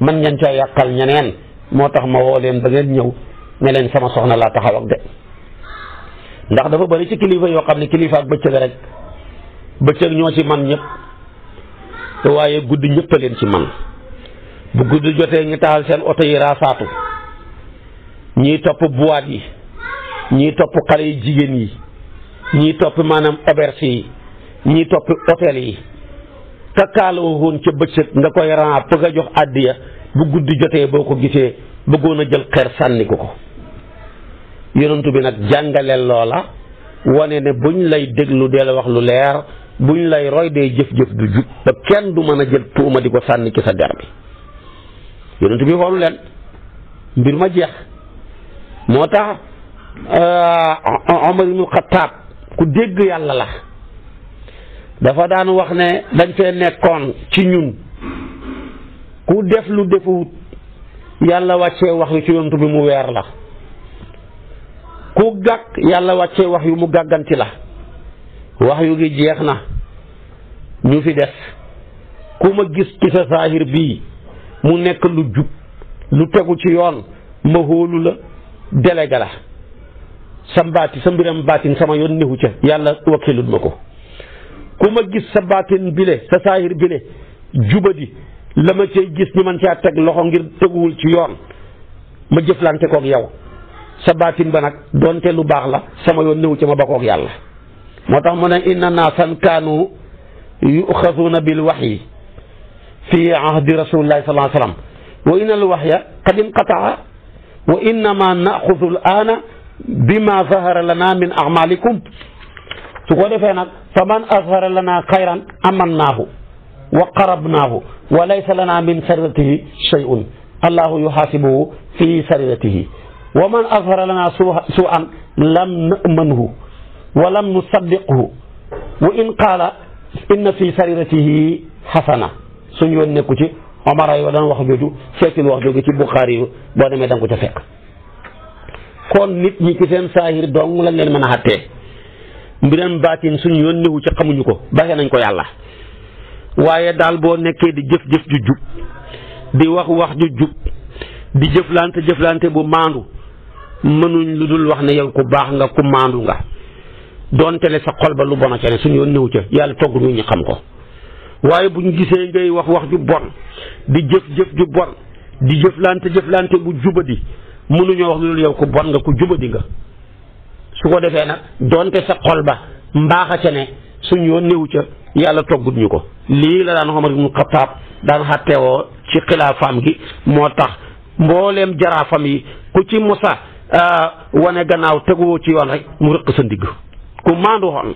man ngeen caa yàqal ñeneen moo tax ma woo leen ba ngeen ñëw ne leen sama soxna laa taxaw de ndax dafa bari ci kilifa yoo xam ne kilifa ak bëccëg rek bëccëg ñoo ci man ñëpp te waaye gudd ñëpp a leen ci man bu gudd jotee ñu taal seen oto yi raasaatu ñiy topp boîte yi ñiy topp xale yi jigéen yi ñiy topp maanaam auberge yi ñiy topp hôtel yi ka kaalawoon ca bëccëg nga koy ràpp nga jox àddiya bu guddi jotee boo ko gisee bëggoon a jël xeer sànni ko ko yonentu bi nag jàngaleel loola wane ne buñ lay déglu deel wax lu leer buñ lay roy dee jëf-jëf du jub ba kenn du mën a jël tuuma di ko sànni ci sa der bi yonentu bi xoolu leen mbir ma jeex moo tax euh, Omar ibnu Xattaab ku dégg yàlla la dafa daan wax ne dañ fee nekkoon ci ñun ku def lu defuwut yàlla wàccee wax yu ci yontu bi mu weer la ku gàkk yàlla wàccee wax yu mu gàgganti la wax yu gi jeex na ñu fi des ku ma gis ci sa saahir bii mu nekk lu jub lu tegu ci yoon ma hóolu la délégué la sa mbaati sa mbiram baatin sama yoon néewu ca yàlla lu ma ko ku ma gis sa baatin bile sa saahir bile jubadi la ma cay gis ñu mën caa teg loxo ngir teguwul ci yoon ma jëflante kook yow sa baatin ba nag doonte lu baax la sama yoon néew ci ma ba kook yàlla moo tax mu ne inna naasan kaanu yuxasuuna bil waxyi fi ahdi rasulillahi sallallahu alayhi wa sallam wa inna al waxya qad inqataa wa innama naxudu al aana bima zahara lana min amalikum su ko defee nag fa man azhara lana xayran amannaahu wa qarabnaahu wa laysa lana min sariratihi shay'un allahu yuhaasibuhu fi sariratihi wa man azhara lana su'an lam na'manhu wa lam nusaddiqhu wa in qaala inna fi sariratihi xasana suñ yoon nekku ci Omar yo daan wax jooju seetil wax jooju ci Buxaari yu boo demee da nga ko ca fekk kon nit ñi ci seen dong lañ leen mën a xàttee mbiram baatin suñu yoon néewu ci xamuñu ko baaxee nañ ko yàlla waaye daal boo nekkee di jëf jëf ju jub di wax wax ju jub di jëflante jëflante bu maandu mënuñ lu dul wax ne yow ku baax nga ku maandu nga donte le sa xol ba lu bon a ca ne suñu yoon newu ca yàlla togg ñu ñu xam ko waaye bu ñu gisee ngay wax wax ju bon di jëf jëf ju bon di jëflante jëflante bu jubadi mënuñoo wax lu dul yow ko bon nga ku jubadi nga su ko defee nag donte sa xol ba mbaax ca ne suñ yoon néew ca yàlla toggut ko lii la daan Omar ibnu Xataab daan xàttewoo ci xilaafaam gi moo tax mbooleem jaraafam yi ku ci musa euh, wane gannaaw teguwoo ci yoon rek mu rëq sa ndigg ku maandu xoon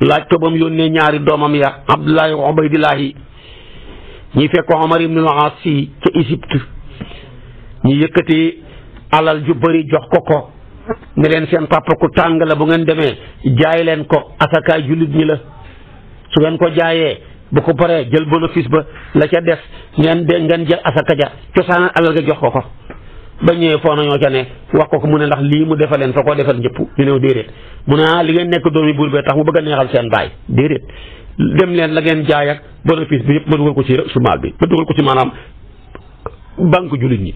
laaj ko yónnee ñaari doomam ya Abdullahi wa Ubaydillahi ñi fekk Omar ibnul Aas ca Égypte ñi yëkkati alal yu bari jox ko ko ni leen seen papa ku tàng la bu ngeen demee jaay leen ko asakaay jullit ñi la su ngeen ko jaayee bu ko paree jël bénéfice ba la ca des ngeen de ngeen jël asaka ja cosaanal alal ga jox ko ko ba ñëwee foo nañoo ca ne wax ko ko mu ne ndax lii mu defa leen soo ko defal ñëpp ñu new déedéet mu ne ah li ngeen nekk doomi buur bee tax mu bëgg a neexal seen baay déedéet dem leen la ngeen jaay ak bi yëpp ma dugal ko ci sumaal bi ma dugal ko ci maanaam banque jullit ñi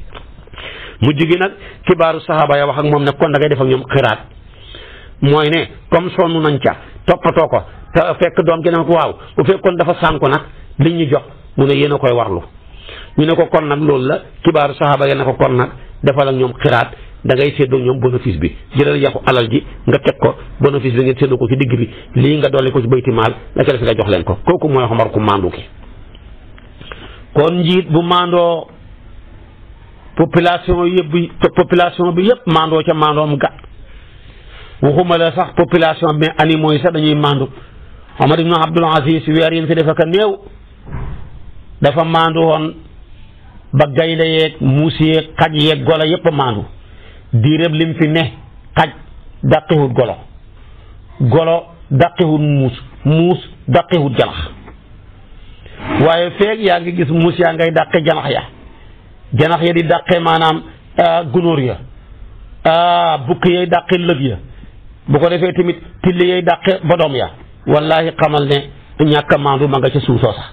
mujj gi nag kibaaru saxaaba ya wax ak moom ne kon da ngay def ak ñoom xiraat mooy ne comme sonn nañ ca toppatoo ko te fekk doom gi ne ko waaw bu fekkoon dafa sànku nag li ñu jox mu ne yéen a koy warlu ñu ne ko kon nag loolu la kibaaru saxaaba ya ne ko kon nag defal ak ñoom xiraat da ngay séddoo ñoom bénéfice bi jëlal yaxu alal ji nga teg ko bénéfice bi nga séddoo ko ci digg bi lii nga dolli ko ci bayti maal la ca def nga jox leen ko kooku mooy xamar ku maandu population yëpp population bi yëpp mandoo ca mandoom ga waxuma la sax population mais animaux yi sax dañuy mandu Omar ibn Abdul Aziz weer yi fi def ak néew dafa mandu woon ba gaynde yeeg muus yeeg xaj yeeg golo yëpp mandu diirëb lim fi ne xaj dàqihut golo golo dàqihut muus muus dàqihut janax waaye feeg yaa ngi gis muus yaa ngay dàqi janax ya janax ya di dàqee maanaam euh, gunóor ya euh, bukki yay dàqee lëg ya bu ko defee tamit tilli yay dàqee bodom ya wallahi xamal ne ñàkk a maandu ma nga ca suuf soosa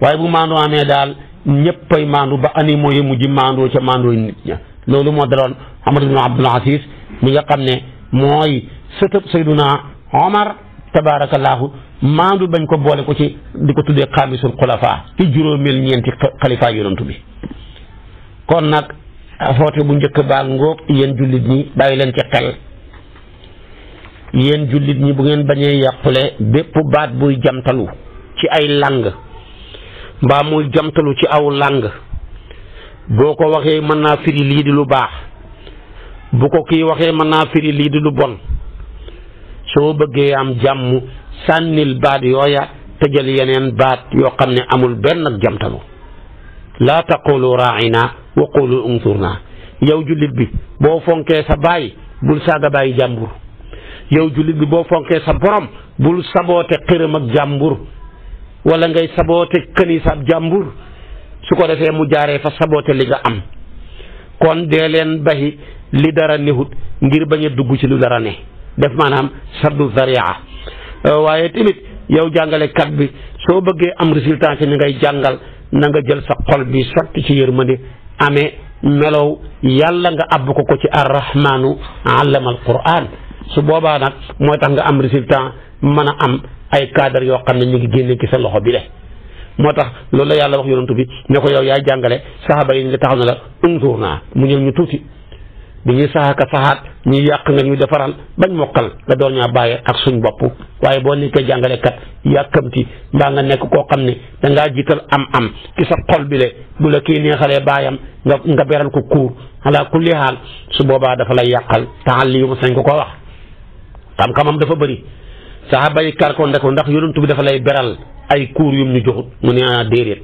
waaye bu maandu amee daal ñëppay maandu ba ani mooy mujj maandoo ca maandooy nit ña loolu moo daloon Omar ibn Abdul Aziz mi nga xam ne mooy sëtëb Sayduna Omar tabaarakallaahu maandu bañ ko boole ko ci di ko tuddee xaamisul xulafaa ci juróomeel ñeenti xalifaa yonantu bi kon nag foote bu njëkk baag ngóog yéen jullit ñi bàyyi leen ci xel yéen jullit ñi bu ngeen bañee yàqule bépp baat buy jamtalu ci ay làng mbaa muy jamtalu ci aw làng boo ko waxee mën naa firi lii di lu baax bu ko kii waxee mën naa firi lii di lu bon soo bëggee am jàmm sànnil baat yooya tëjal yeneen baat yoo xam ne amul benn ak jamtalu laa taqulu raaina wa qulu unzurnaa yow jullit bi boo fonkee sa baay bul saaga bàyyi jàmbur yow jullit bi boo fonkee sa borom bul saboote xërëm ak jàmbur wala ngay saboote kënisaab jàmbur su ko defee mu jaaree fa saboote li nga am kon dee leen bayi li dara nehut ngir bañ a dugg ci lu dara ne def maanaam saddu zaria euh, waaye tamit jàngale jàngalekat bi soo bëggee am résultat ci ni ngay jàngal na nga jël sa xol bi sotti ci yërmande amee melow yàlla nga àbb ko ko ci arrahmanu allama alquran su boobaa nag mooy tax nga am résultat mën a am ay cadre yoo xam ne ñu ngi génne ci sa loxo bi le moo tax loolu la yàlla wax yonantu bi ne ko yow yaay jàngale saxaaba yi ñu ngi taxaw na la unzur naa mu ñëw ñu tuuti di ñu saxaaka saxaat ñuy yàq nga ñu defaral bañ mokkal nga door ñaa bàyyi ak suñ bopp waaye boo nekkee jàngalekat yàkkamti mbaa nga nekk koo xam ne dangaa jiital am-am ci sa xol bi le bu la kii neexalee baayam nga nga beral ko kuur ala kulli haal su boobaa dafa lay yàqal taxal lii sañ ko ko wax xam-xamam dafa bëri saxaaba yi kar ko ndeko ndax yonent bi dafa lay beral ay kuur yum ñu joxut mu ne ah, déedéet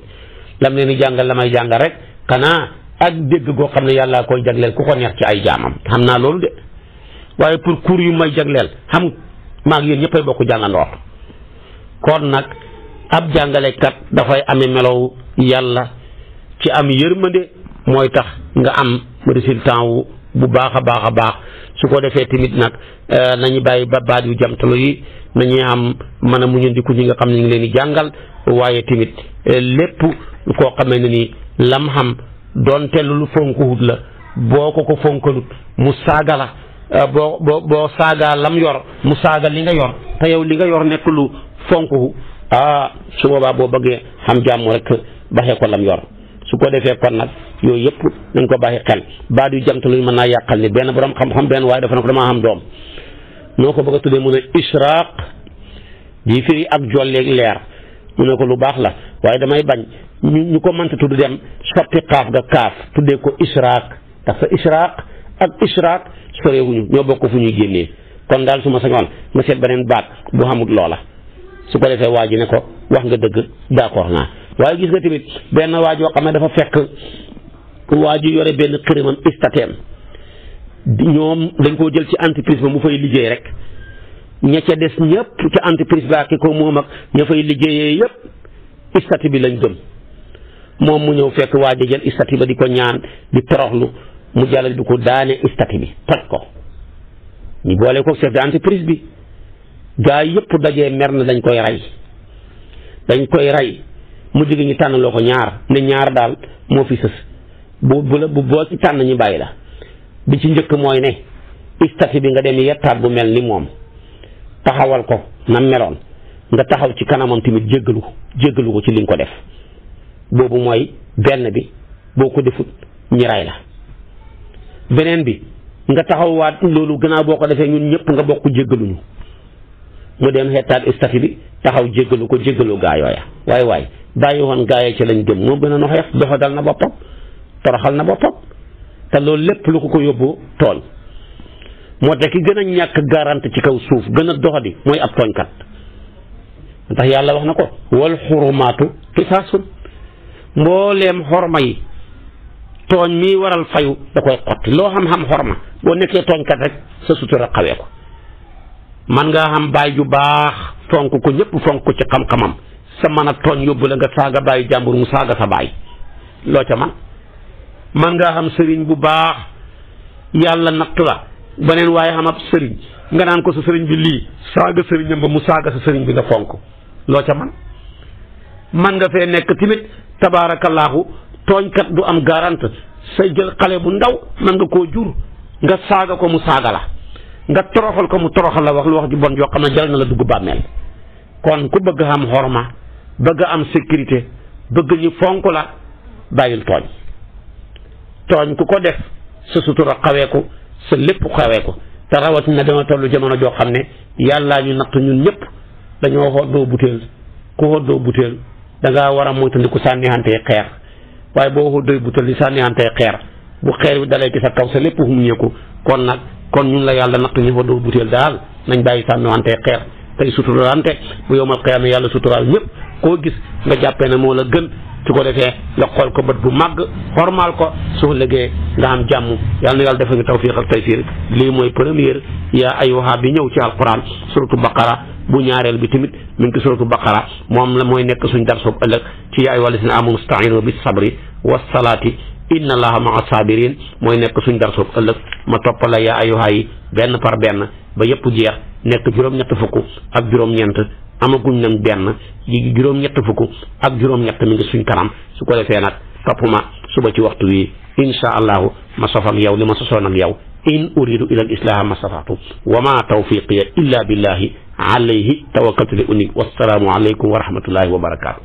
lam leen di jàngal la may jàngal rek ak dégg goo xam ne yàllaa koy jagleel ku ko neex ci ay jaamam xam naa loolu de waaye pour cours yu may jagleel xam maa ngi yéen ñëppay bokk jàngandoor kon nag ab jàngalekat dafay ame melow yàlla ci am yërmande mooy tax nga am résultat wu bu baax a baax a baax su ko defee tamit nag euh, nañu bàyyi ba baat yu jamtalu yi nañuy am mën a muñandiku ñi nga xam ne ñu ngi leen di jàngal waaye tamit euh, lépp koo xamee ne ni lam xam doon doonte lu fonkuwut la boo ko ko fonkalut mu saaga la ah, boo boo boo saaga lam yor mu saaga li nga yor te yow li nga yor nekk lu fonku ah su boobaa boo bëggee xam jàmm rek baxee ko lam yor su ko defee kon nag yooyu yëpp dañ ko bàyyi xel baat yu jamta luñ mën naa yàqal ni benn borom xam-xam benn waaye dafa ne ko damaa xam doom noo ko bëgg a tuddee mu ne israaq di firi ak jolleeg leer mu ne ko lu baax la waaye damay bañ ñu ñu ko mënta tudd dem sotti xaaf ga kaaf tuddee ko israaq ndax sa israaq ak israaq sorewuñu ñoo bokk fu ñuy génnee kon daal su ma sañoon ma seet beneen baat bu xamut loola su ko defee waa ji ne ko wax nga dëgg d'accord naa waaye gis nga tamit benn waa joo xam ne dafa fekk waa ju yore benn xërimam istateem ñoom dañ koo jël ci entreprise ba mu fay liggéey rek ña des ñëpp ca entreprise ba ki ko moom ak ña fay liggéeyee yëpp istate bi lañ gëm moom mu ñëw fekk waa ji jël istati ba di ko ñaan di toroxlu mu jàllale di ko daane istati bi toj ko ñu boole ko chef entreprise bi gaa yëpp dajee mer na dañ koy rey dañ koy rey mu digg ñu tànn loo ko ñaar ne ñaar daal moo fi sës bu bu la bu boo ci tànn ñu bàyyi la bi ci njëkk mooy ne istati bi nga dem yettaat bu mel ni moom taxawal ko na meloon nga taxaw ci kanamam tamit jéggalu ko jéggalu ko ci li nga ko def boobu mooy benn bi boo ko defut ñi la beneen bi nga taxaw waat loolu gannaaw boo ko defee ñun ñëpp nga bokk jéggaluñu mu dem xettaat istati bi taxaw jéggalu ko jéggalu gaa waaye waaye waay bàyyi woon gaa yooya ci lañ jëm moo gën a noxeef doxadal na boppam toroxal na boppam te loolu lépp lu ko ko yóbbu tooñ moo te ki gën a ñàkk garant ci kaw suuf gën a doxadi mooy ab tooñkat ndax yàlla wax na ko wal xurumaatu qisaasun mbooleem xorma yi tooñ mii waral fayu da koy xotti loo xam-xam xorma boo nekkee tooñkat rek sa sutura xawee ko man ngaa xam baay ju baax fonk ko ñëpp fonk ci xam-xamam sa mën a tooñ yóbbu la nga saaga baayu jàmbur mu saaga sa baay loo ca man man ngaa xam sëriñ bu baax yàlla nattu la beneen waaye xam ab sëriñ nga naan ko sa sëriñ bi lii saaga sëriñam ba mu saaga sa sëriñ bi nga fonk loo ca man man nga fee nekk tamit tabaarakallaahu tooñkat du am garante say jël xale bu ndaw man nga koo jur nga saaga ko mu saaga la nga toroxal ko mu toroxal la wax lu wax ju bon yoo xam ne jaral na la dugg bàmmeel kon ku bëgg am xorma bëgg am sécurité bëgg ñu fonk la bàyyil tooñ tooñ ku ko def sa sutura xawee ko sa lépp xawee ko te rawatina dama tollu jamono joo xam ne yàllaa ñu natt ñun ñëpp dañoo xoddoo butéel ku xoddoo butéel dangaa war a moytandiku sànnihantee xeer waaye boo ko doy butal di sànnihantee xeer bu xeer bi dalee ci sa kaw sa lépp ko kon nag kon ñun la yàlla nattu ñu fa doo butéel daal nañ bàyyi sànnihantee xeer tey suturalante bu yomal xiyaama yàlla suturaal ñëpp koo gis nga jàppee ne moo la gën su ko defee nga xool ko bët bu màgg xormaal ko soo lëggee nga am jàmm yàlla na yàlla taw ñu tawfiq ak taysiir lii mooy première yaa ayuha bi ñëw ci alquran bu ñaareel bi tamit mi ngi ci suratu baqara moom la mooy nekk suñ darsoog ëllëg ci yaay wala si na amum stainu bi sabri wasalaati inna allaha maa sabirin mooy nekk suñ darsoog ëllëg ma toppala yaa ayyuhaa yi benn par benn ba yëpp jeex nekk juróom-ñett fukk ak juróom-ñeent amaguñ nañ benn ji juróom-ñett fukk ak juróom-ñett mi ngi suñ kanam su ko defee nag topp ma suba ci waxtu wi incha allahu ma sof ak yow li ma sosoon ak yow in uridu ila al islaha ma stataatu wa ma tawfiqiya illa billahi alayhi tawakkaltu li unik wassalaamu aleykum wa rahmatullahi wa barakaatu